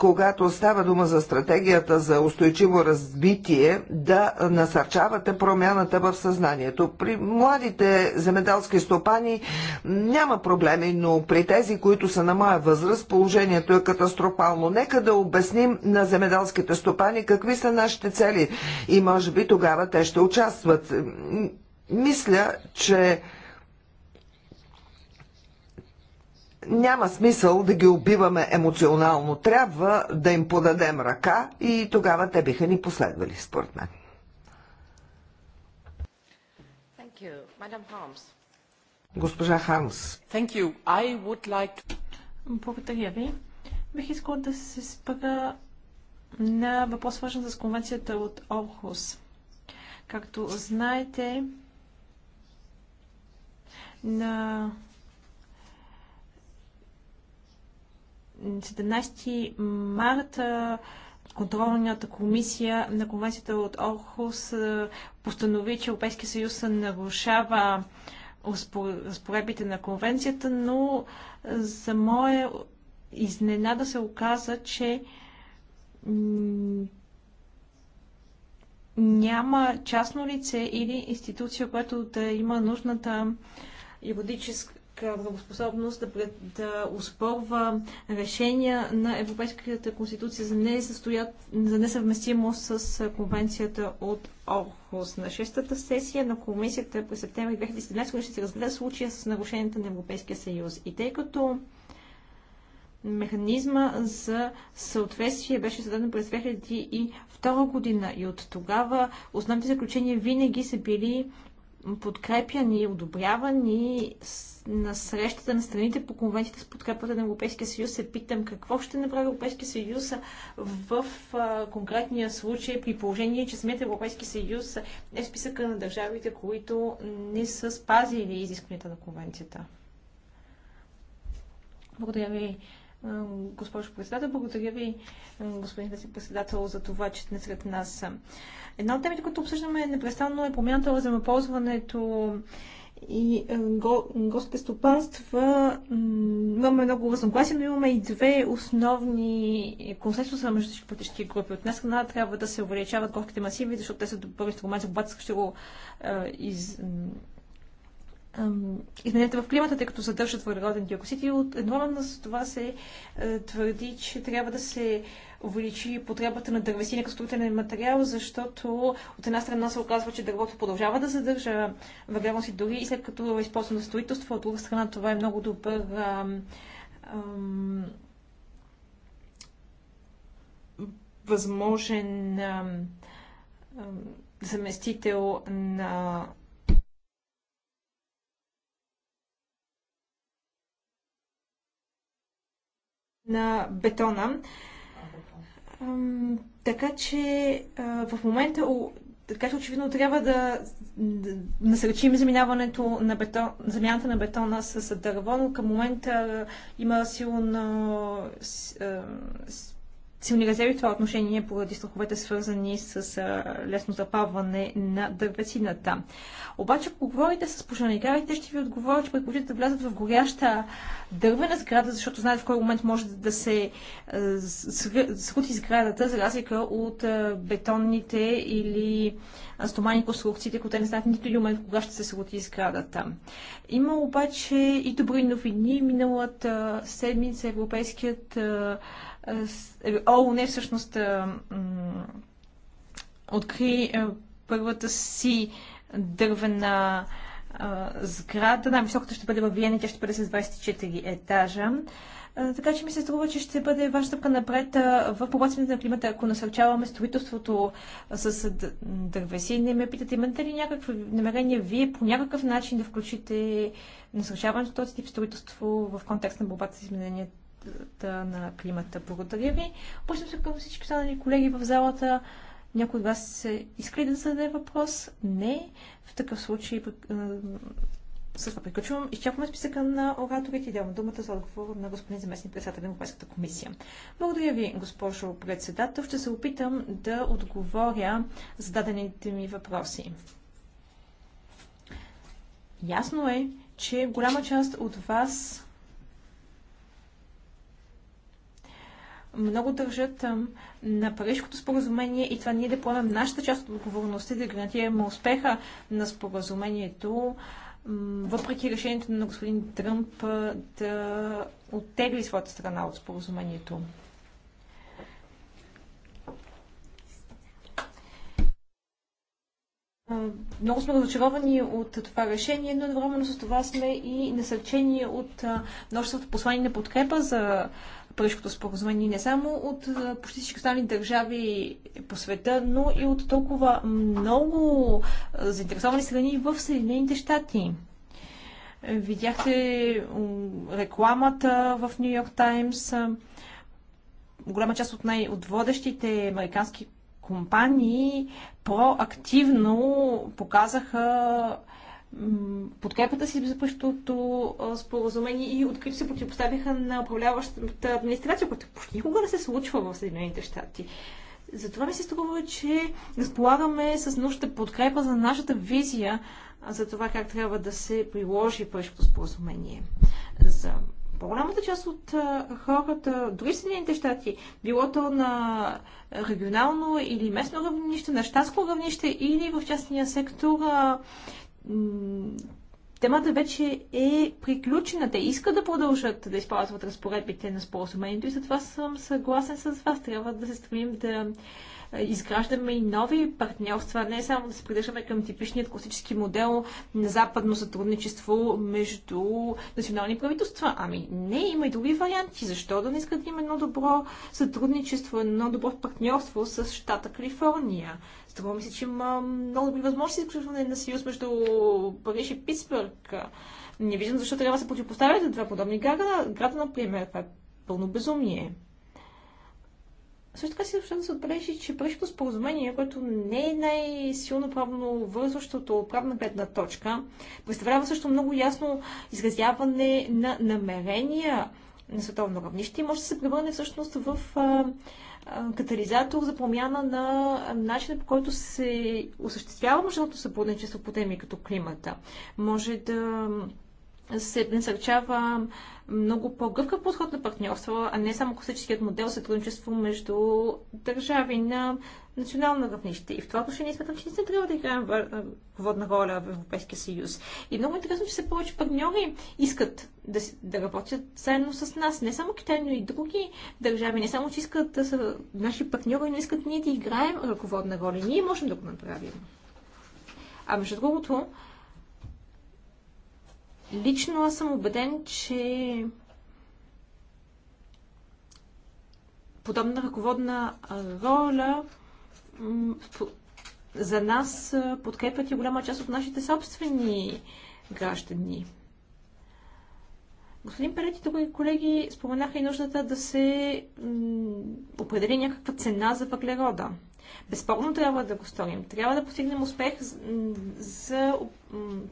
когато става дума за стратегията за устойчиво разбитие, да насърчавате промяната в съзнанието. При младите земеделски стопани няма проблеми, но при тези, които са на моя възраст, положението е катастрофално. Нека да обясним на земеделските стопани какви са нашите цели и може би тогава те ще участват. Мисля, че няма смисъл да ги убиваме емоционално. Трябва да им подадем ръка и тогава те биха ни последвали, според мен. Госпожа Хармс. Благодаря ви. Бих искала да се спра на въпрос, свързан с конвенцията от Орхус. Както знаете, на 17 марта контролната комисия на конвенцията от Орхус постанови, че Европейския съюз нарушава разпоредбите на конвенцията, но за мое изненада се оказа, че няма частно лице или институция, която да има нужната юридическа правоспособност да, пред, да успорва решения на Европейската конституция за, състоят, за несъвместимост с конвенцията от Орхус. На шестата сесия на комисията през септември 2017 ще се разгледа случая с нарушенията на Европейския съюз. И тъй като механизма за съответствие беше създаден през 2002 година и от тогава основните заключения винаги са били, подкрепя ни, одобрява ни на срещата на страните по конвенцията с подкрепата на Европейския съюз се питам какво ще направи Европейския съюз в конкретния случай при положение, че самият Европейски съюз е в списъка на държавите, които не са спазили изискванията на конвенцията. Благодаря ви, госпожо председател. Благодаря ви, господин председател, за това, че сте сред нас. Една от темите, които обсъждаме непрестанно е промяната на земеползването и горските стопанства. Имаме много разногласия, но имаме и две основни консенсуса между всички политически групи. От една страна трябва да се увеличават горските масиви, защото те са добър инструмент за борбата срещу измененията в климата, тъй като съдържат въглероден диоксид и от едновременно с това се е, твърди, че трябва да се увеличи потребата на дървесина като строителен материал, защото от една страна се оказва, че дървото продължава да съдържа въглероден си дори и след като е използвано за строителство, от друга страна това е много добър ам, ам, възможен ам, заместител на на бетона. Така че в момента така че очевидно трябва да, да насърчим заминаването на бетон, замяната на бетона с дърво, но към момента има силно силни резерви в това отношение е поради страховете свързани с а, лесно запалване на дървесината. Обаче, ако говорите с пожарникарите, те ще ви отговорят, че предпочитат да влязат в горяща дървена сграда, защото знаят в кой момент може да се срути сградата, за разлика от а, бетонните или стомани конструкциите, които не знаят нито един момент кога ще се срути сградата. Има обаче и добри новини. Миналата седмица Европейският а, е, е, ООН всъщност е, откри първата си дървена сграда. Най-високата ще бъде в Виена, тя ще бъде с 24 етажа. Така че ми се струва, че ще бъде ваша стъпка напред в побачването на климата, ако насърчаваме строителството с дървеси. Не ме питате, имате ли някакви намерения вие по някакъв начин да включите насърчаването на този тип строителство в контекст на борбата с изменението защита на климата. Благодаря ви. Обръщам се към всички останали колеги в залата. Някой от вас се иска да зададе въпрос? Не. В такъв случай е, с това приключвам. Изчакваме списъка на ораторите и давам думата за отговор на господин заместник председател на Европейската комисия. Благодаря ви, госпожо председател. Ще се опитам да отговоря зададените ми въпроси. Ясно е, че голяма част от вас много държат на Парижското споразумение и това ние да поемем нашата част от отговорността да гарантираме успеха на споразумението, въпреки решението на господин Тръмп да оттегли своята страна от споразумението. Много сме разочаровани от това решение, но едновременно с това сме и насърчени от множеството послания на подкрепа за Парижското споразумение не само от почти всички останали държави по света, но и от толкова много заинтересовани страни в Съединените щати. Видяхте рекламата в Нью Йорк Таймс. Голяма част от най-отводещите американски компании проактивно показаха подкрепата си за пъщото споразумение и открито се противопоставиха на управляващата администрация, което почти никога не се случва в Съединените щати. Затова ми се струва, че разполагаме с нужната подкрепа за нашата визия за това как трябва да се приложи пъщото споразумение. За по-голямата част от хората, дори Съединените щати, било то на регионално или местно равнище, на щатско равнище или в частния сектор, темата вече е приключена. Те искат да продължат да използват разпоредбите на споразумението и затова съм съгласен с вас. Трябва да се стремим да изграждаме и нови партньорства, не само да се придържаме към типичният класически модел на западно сътрудничество между национални правителства. Ами не, има и други варианти. Защо да не изградим едно добро сътрудничество, едно добро партньорство с щата Калифорния? Струва ми се, че има много добри възможности за включване на съюз между Париж и Питсбърг. Не виждам защо трябва да се противопоставят два подобни града, града, например. Това е пълно безумие. Също така си да се отбележи, че Парижското споразумение, което не е най-силно правно вързващото правна гледна точка, представлява също много ясно изразяване на намерения на световно равнище и може да се превърне всъщност в катализатор за промяна на начина по който се осъществява международното сътрудничество по теми като климата. Може да се насърчава много по-гъвкав подход на партньорство, а не само класическият модел сътрудничество между държави на национално равнище. И в това отношение смятам, че не се трябва да играем водна роля в Европейския съюз. И много интересно, че все повече партньори искат да, да работят заедно с нас. Не само Китай, но и други държави. Не само, че искат да са наши партньори, но искат ние да играем ръководна роля. Ние можем да го направим. А между другото, Лично аз съм убеден, че подобна ръководна роля за нас подкрепят и голяма част от нашите собствени граждани. Господин Перети, тук и колеги споменаха и нуждата да се определи някаква цена за въглерода. Безспорно трябва да го сторим. Трябва да постигнем успех за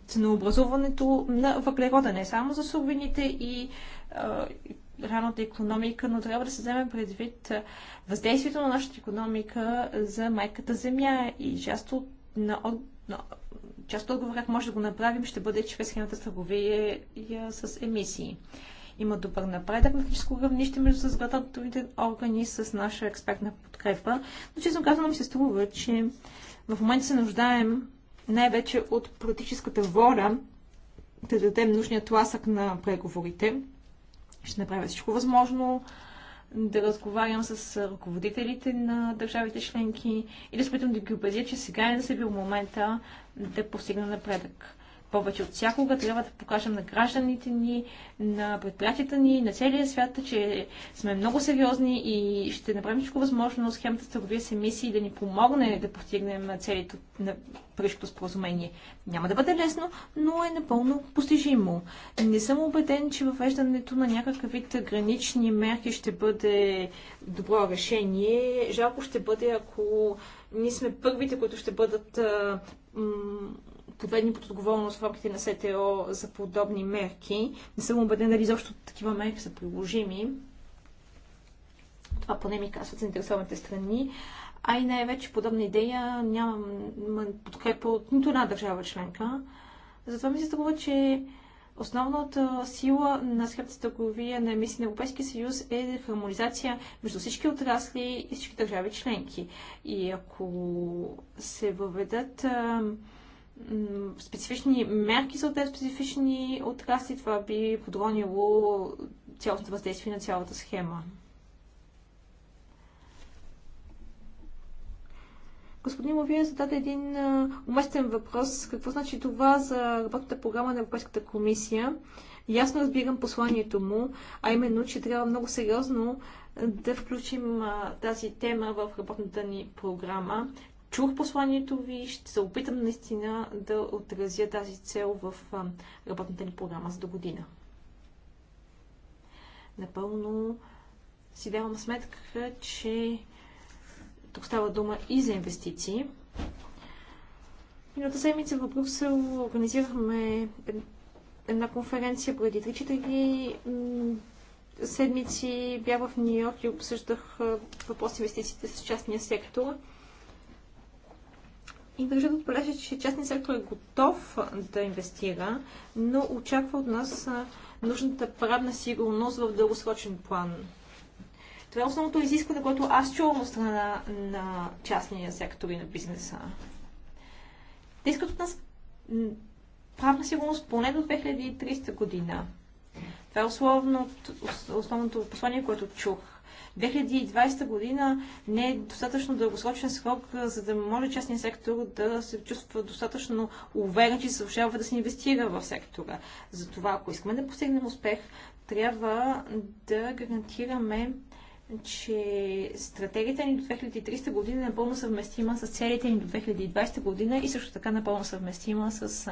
ценообразуването на въглерода, не само за суровините и раната економика, но трябва да се вземе предвид въздействието на нашата економика за майката земя и част от, на, на, част от как може да го направим ще бъде чрез схемата търговия с емисии. Има добър напредък на техническо равнище между съзградателните органи с наша експертна подкрепа. Но честно казано ми се струва, че в момента се нуждаем най-вече от политическата воля да дадем нужния тласък на преговорите. Ще направя всичко възможно да разговарям с ръководителите на държавите членки и да спитам да ги убедя, че сега е да се бил момента да постигна напредък повече от всякога трябва да покажем на гражданите ни, на предприятията ни, на целия свят, че сме много сериозни и ще направим всичко възможно схемата с търговия с емисии да ни помогне да постигнем целите на Парижското споразумение. Няма да бъде лесно, но е напълно постижимо. Не съм убеден, че въвеждането на някакъв вид гранични мерки ще бъде добро решение. Жалко ще бъде, ако ние сме първите, които ще бъдат подведени под отговорност в рамките на СТО за подобни мерки. Не съм убеден дали изобщо такива мерки са приложими. Това поне ми казват заинтересованите страни. А и най-вече подобна идея нямам подкрепа от нито една държава членка. Затова ми се струва, че Основната сила на схемата търговия на емисии на Европейския съюз е хармонизация между всички отрасли и всички държави членки. И ако се въведат специфични мерки за тези специфични отрасли, това би подронило цялото въздействие на цялата схема. Господин Мовия зададе един уместен въпрос. Какво значи това за работната програма на Европейската комисия? Ясно разбирам посланието му, а именно, че трябва много сериозно да включим тази тема в работната ни програма чух посланието ви, ще се опитам наистина да отразя тази цел в работната ни програма за до година. Напълно си давам сметка, че тук става дума и за инвестиции. Миналата седмица в Брюксел организирахме една конференция преди 3-4 седмици. Бях в Нью Йорк и обсъждах въпрос инвестициите с частния сектор. И държа да отбележа, че частният сектор е готов да инвестира, но очаква от нас нужната правна сигурност в дългосрочен план. Това е основното изискване, което аз чувам от страна на частния сектор и на бизнеса. Те искат от нас правна сигурност поне до 2300 година. Това е основното, основното послание, което чух 2020 година не е достатъчно дългосрочен срок, за да може частния сектор да се чувства достатъчно уверен, че се решава да се инвестира в сектора. Затова, ако искаме да постигнем успех, трябва да гарантираме че стратегията ни до 2300 година е напълно съвместима с целите ни до 2020 година и също така напълно съвместима с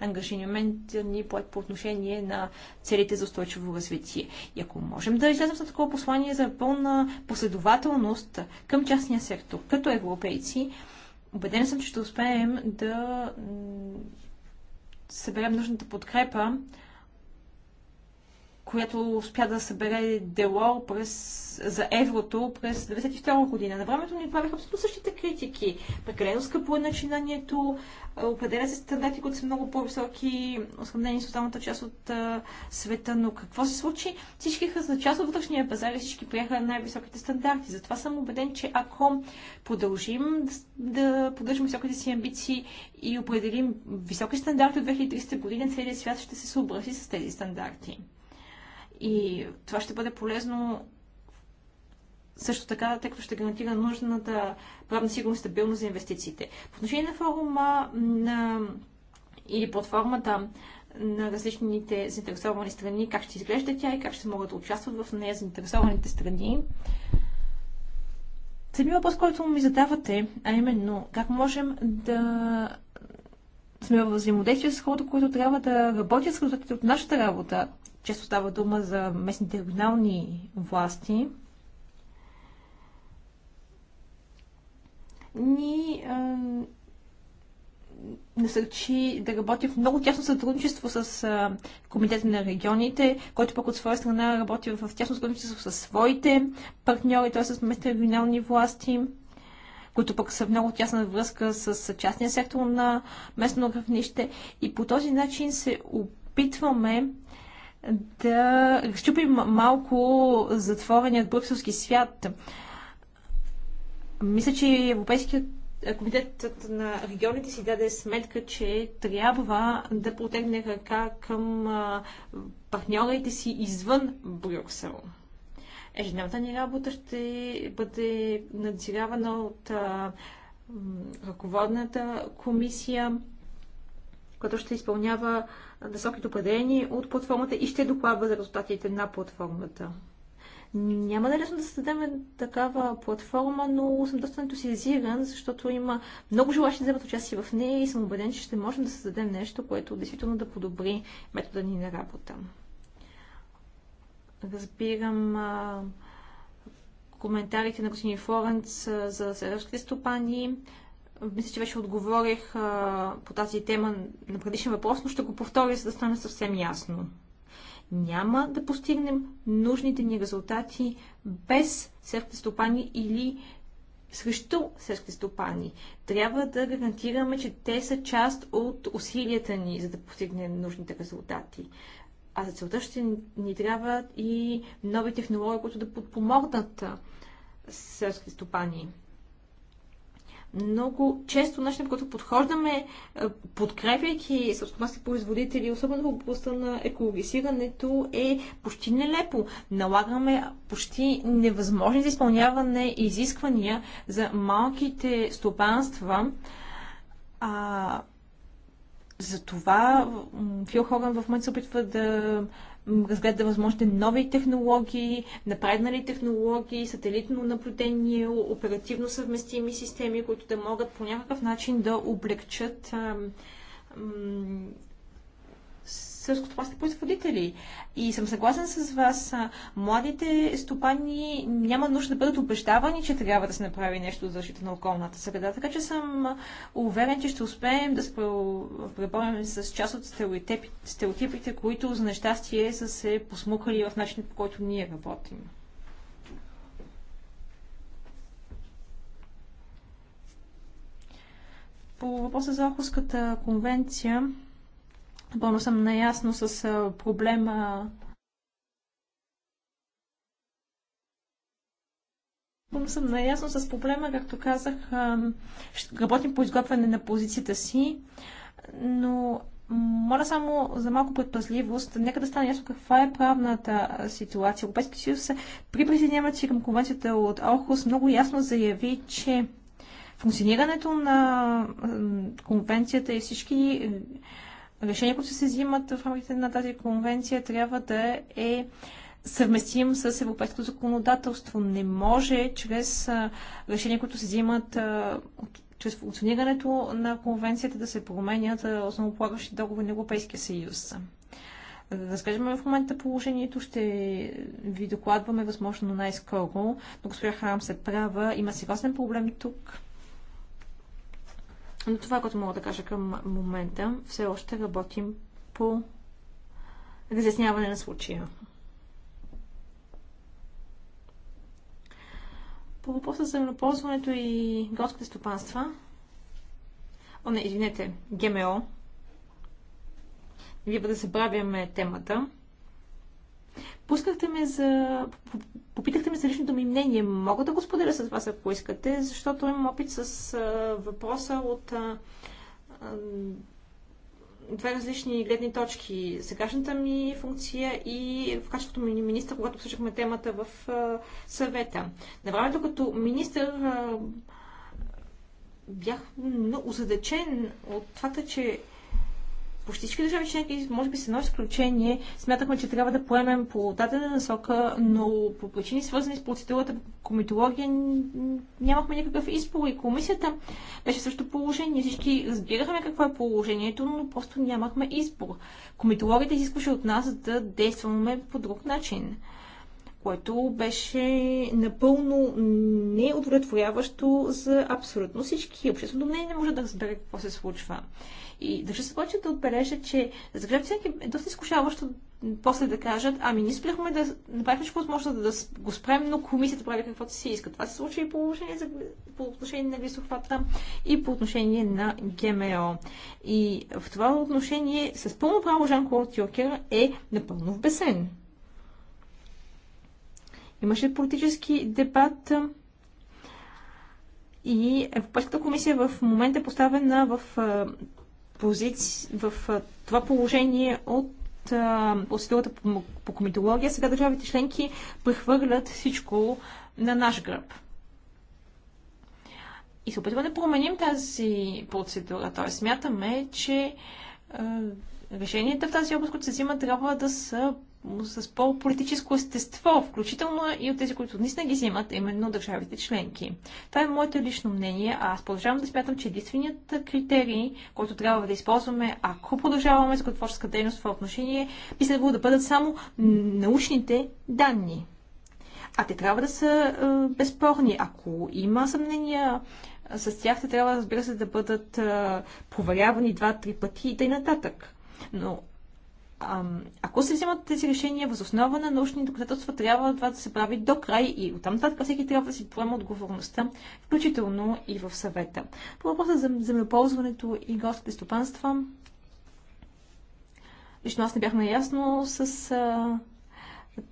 ангажимент ни по отношение на целите за устойчиво развитие. И ако можем да излезем с такова послание за пълна последователност към частния сектор, като европейци, убеден съм, че ще успеем да съберем нужната подкрепа която успя да събере дело през, за еврото през 1992 година. На времето ни правиха абсолютно същите критики. Прекалено скъпо е начинанието, определя се стандарти, които са много по-високи, сравнени с останалата част от а, света. Но какво се случи? Всички за част от вътрешния пазар и всички приеха най-високите стандарти. Затова съм убеден, че ако продължим да поддържаме високите си амбиции и определим високи стандарти от 2300 година, целият свят ще се съобрази с тези стандарти. И това ще бъде полезно също така, тъй като ще гарантира нужната правна сигурност и стабилност за инвестициите. По отношение на форума на, или платформата на различните заинтересовани страни, как ще изглежда тя и как ще могат да участват в нея заинтересованите страни. Самия въпрос, който ми задавате, а именно как можем да сме в взаимодействие с хората, които трябва да работят с резултатите от нашата работа. Често става дума за местните регионални власти. Ни а, насърчи да работи в много тясно сътрудничество с а, Комитета на регионите, който пък от своя страна работи в тясно сътрудничество с своите партньори, т.е. с местните регионални власти които пък са в много тясна връзка с частния сектор на местно равнище. И по този начин се опитваме да щупим малко затвореният брюкселски свят. Мисля, че Европейският комитетът на регионите си даде сметка, че трябва да протегне ръка към партньорите си извън Брюксел ежедневната ни работа ще бъде надзиравана от а, ръководната комисия, която ще изпълнява насоките определени от платформата и ще докладва за резултатите на платформата. Няма да е лесно да създадем такава платформа, но съм доста ентусиазиран, защото има много желащи да вземат участие в нея и съм убеден, че ще можем да създадем нещо, което действително да подобри метода ни на работа. Разбирам а, коментарите на господин Флоренц а, за селските стопани. Мисля, че вече отговорих а, по тази тема на предишен въпрос, но ще го повторя, за да стане съвсем ясно. Няма да постигнем нужните ни резултати без селските стопани или срещу селските стопани. Трябва да гарантираме, че те са част от усилията ни, за да постигнем нужните резултати. А за целта ще ни трябват и нови технологии, които да подпомогнат селските стопани. Много често начинът, който подхождаме, подкрепяйки селскостопански производители, особено в областта на екологизирането, е почти нелепо. Налагаме почти невъзможни за изпълняване изисквания за малките стопанства, а, затова Фил Хоган в момента се опитва да разгледа възможните нови технологии, напреднали технологии, сателитно наблюдение, оперативно съвместими системи, които да могат по някакъв начин да облегчат селскостопански производители. И съм съгласен с вас, младите стопани няма нужда да бъдат обещавани, че трябва да се направи нещо за защита на околната среда. Така че съм уверен, че ще успеем да се преборим с част от стереотипите, които за нещастие са се посмукали в начинът по който ние работим. по въпроса за Охуската конвенция, Напълно съм наясно с проблема Напълно съм наясно с проблема, както казах, работим по изготвяне на позицията си, но моля само за малко предпазливост. Нека да стане ясно каква е правната ситуация. Европейския съюз при присъединяването си към конвенцията от Орхус много ясно заяви, че функционирането на конвенцията и всички решение, което се взимат в рамките на тази конвенция, трябва да е съвместим с европейското законодателство. Не може чрез решения, които се взимат чрез функционирането на конвенцията да се променят основополагащи договори на Европейския съюз. Разкажем в момента положението, ще ви докладваме възможно най-скоро, но госпожа Харам се права, има сериозен проблем тук. Но това, е което мога да кажа към момента, все още работим по разясняване на случая. По въпроса за земеползването и горските стопанства, о, не, извинете, ГМО, вие да забравяме темата. Пускахте ме за... Попитахте ме за личното ми мнение. Мога да го споделя с вас, ако искате, защото имам опит с а, въпроса от а, а, две различни гледни точки. Сегашната ми функция и в качеството ми министър, когато обсъждахме темата в а, съвета. На времето като министър а, бях озадачен от факта, че почти всички държави членки, може би с едно изключение, смятахме, че трябва да поемем по дадена насока, но по причини свързани с процедурата по комитология нямахме никакъв избор и комисията беше също положение. Всички разбирахме какво е положението, но просто нямахме избор. Комитологията изискваше от нас да действаме по друг начин което беше напълно неудовлетворяващо за абсолютно всички. Общественото мнение не може да разбере какво се случва. И държа се повече да отбележа, че за всеки е доста изкушаващо после да кажат, ами ние спряхме да направим всичко възможно да, да го спрем, но комисията прави каквото си иска. Това се случи и по отношение, за, по отношение на висохвата, и по отношение на ГМО. И в това отношение с пълно право Жан-Клод Йокер е напълно в бесен. Имаше политически дебат и Европейската комисия в момента е поставена в, позици... в това положение от процедурата по, комитология. Сега държавите членки прехвърлят всичко на наш гръб. И се опитваме да променим тази процедура. Т.е. смятаме, че решенията в тази област, които се взимат, трябва да са с по-политическо естество, включително и от тези, които наистина ги взимат, именно държавите членки. Това е моето лично мнение, а аз продължавам да смятам, че единственият критерий, който трябва да използваме, ако продължаваме с творческа дейност в отношение, би следвало да бъдат само научните данни. А те трябва да са е, безспорни. Ако има съмнения е, с тях, те трябва, разбира се, да бъдат е, проверявани два-три пъти и т.н. нататък. Но ако се вземат тези решения въз основа на научни доказателства, трябва това да се прави до край и оттам нататък всеки трябва да си поема отговорността, включително и в съвета. По въпроса за земеползването и горските стопанства, лично аз не бях наясно с а,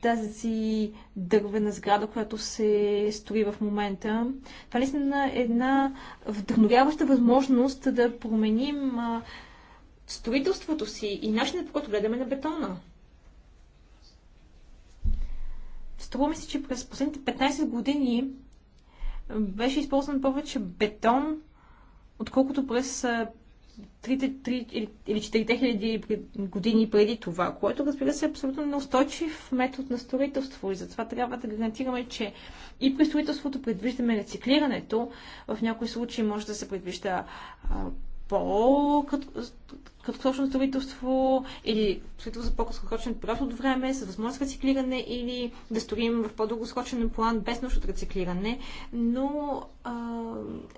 тази дървена сграда, която се строи в момента. Това наистина е една вдъхновяваща възможност да променим а, строителството си и начинът по който гледаме на бетона. Струва ми се, че през последните 15 години беше използван повече бетон, отколкото през 3 или 4 години преди това, което разбира се е абсолютно неустойчив метод на строителство и затова трябва да гарантираме, че и при строителството предвиждаме рециклирането, в някои случаи може да се предвижда по краткосрочно строителство или строителство за по-краткосрочен период от време, с възможност рециклиране или да строим в по-дългосрочен план без нужда от рециклиране. Но а,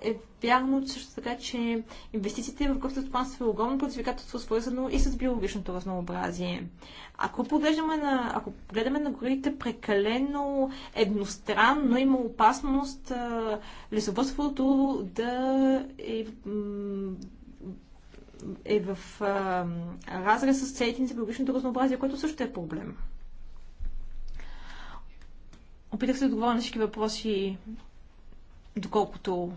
е вярно също така, че инвестициите в горското стопанство е огромно предизвикателство, свързано и с биологичното разнообразие. Ако на, ако гледаме на горите прекалено едностранно, има опасност а, лесовътството да е е в а, разрез с целите за биологичното разнообразие, което също е проблем. Опитах се да отговоря на всички въпроси, доколкото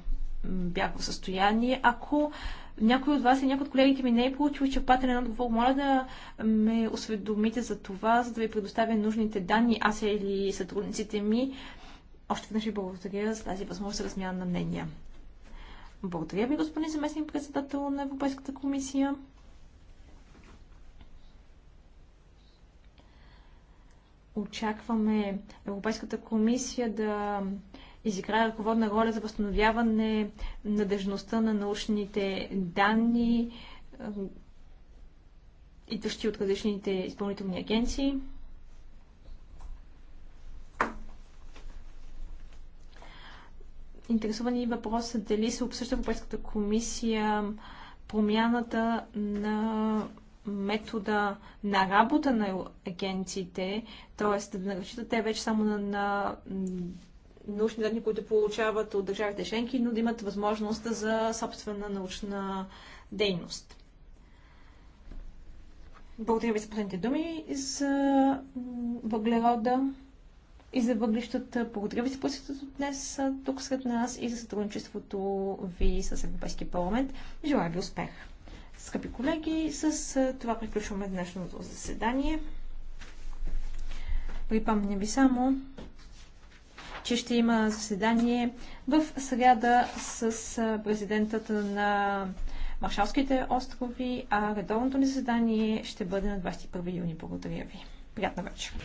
бях в състояние. Ако някой от вас и някой от колегите ми не е получил изчерпателен отговор, моля да ме осведомите за това, за да ви предоставя нужните данни, аз или сътрудниците ми. Още веднъж ви благодаря за тази възможност за размяна на мнения. Благодаря ви, господин заместник председател на Европейската комисия. Очакваме Европейската комисия да изиграе ръководна роля за възстановяване надежността на научните данни, е, идващи от различните изпълнителни агенции. интересувани въпроса дали се обсъжда в Европейската комисия промяната на метода на работа на агенциите, т.е. да не разчитат те вече само на, на научни данни, които получават от държавите членки, но да имат възможност за собствена научна дейност. Благодаря ви за последните думи за въглерода и за въглищата. Благодаря ви за посетството днес тук сред нас и за сътрудничеството ви с Европейския парламент. Желая ви успех! Скъпи колеги, с това приключваме днешното заседание. Припомня ви само, че ще има заседание в среда с президентът на Маршалските острови, а редовното ни заседание ще бъде на 21 юни. Благодаря ви. Приятна вечер!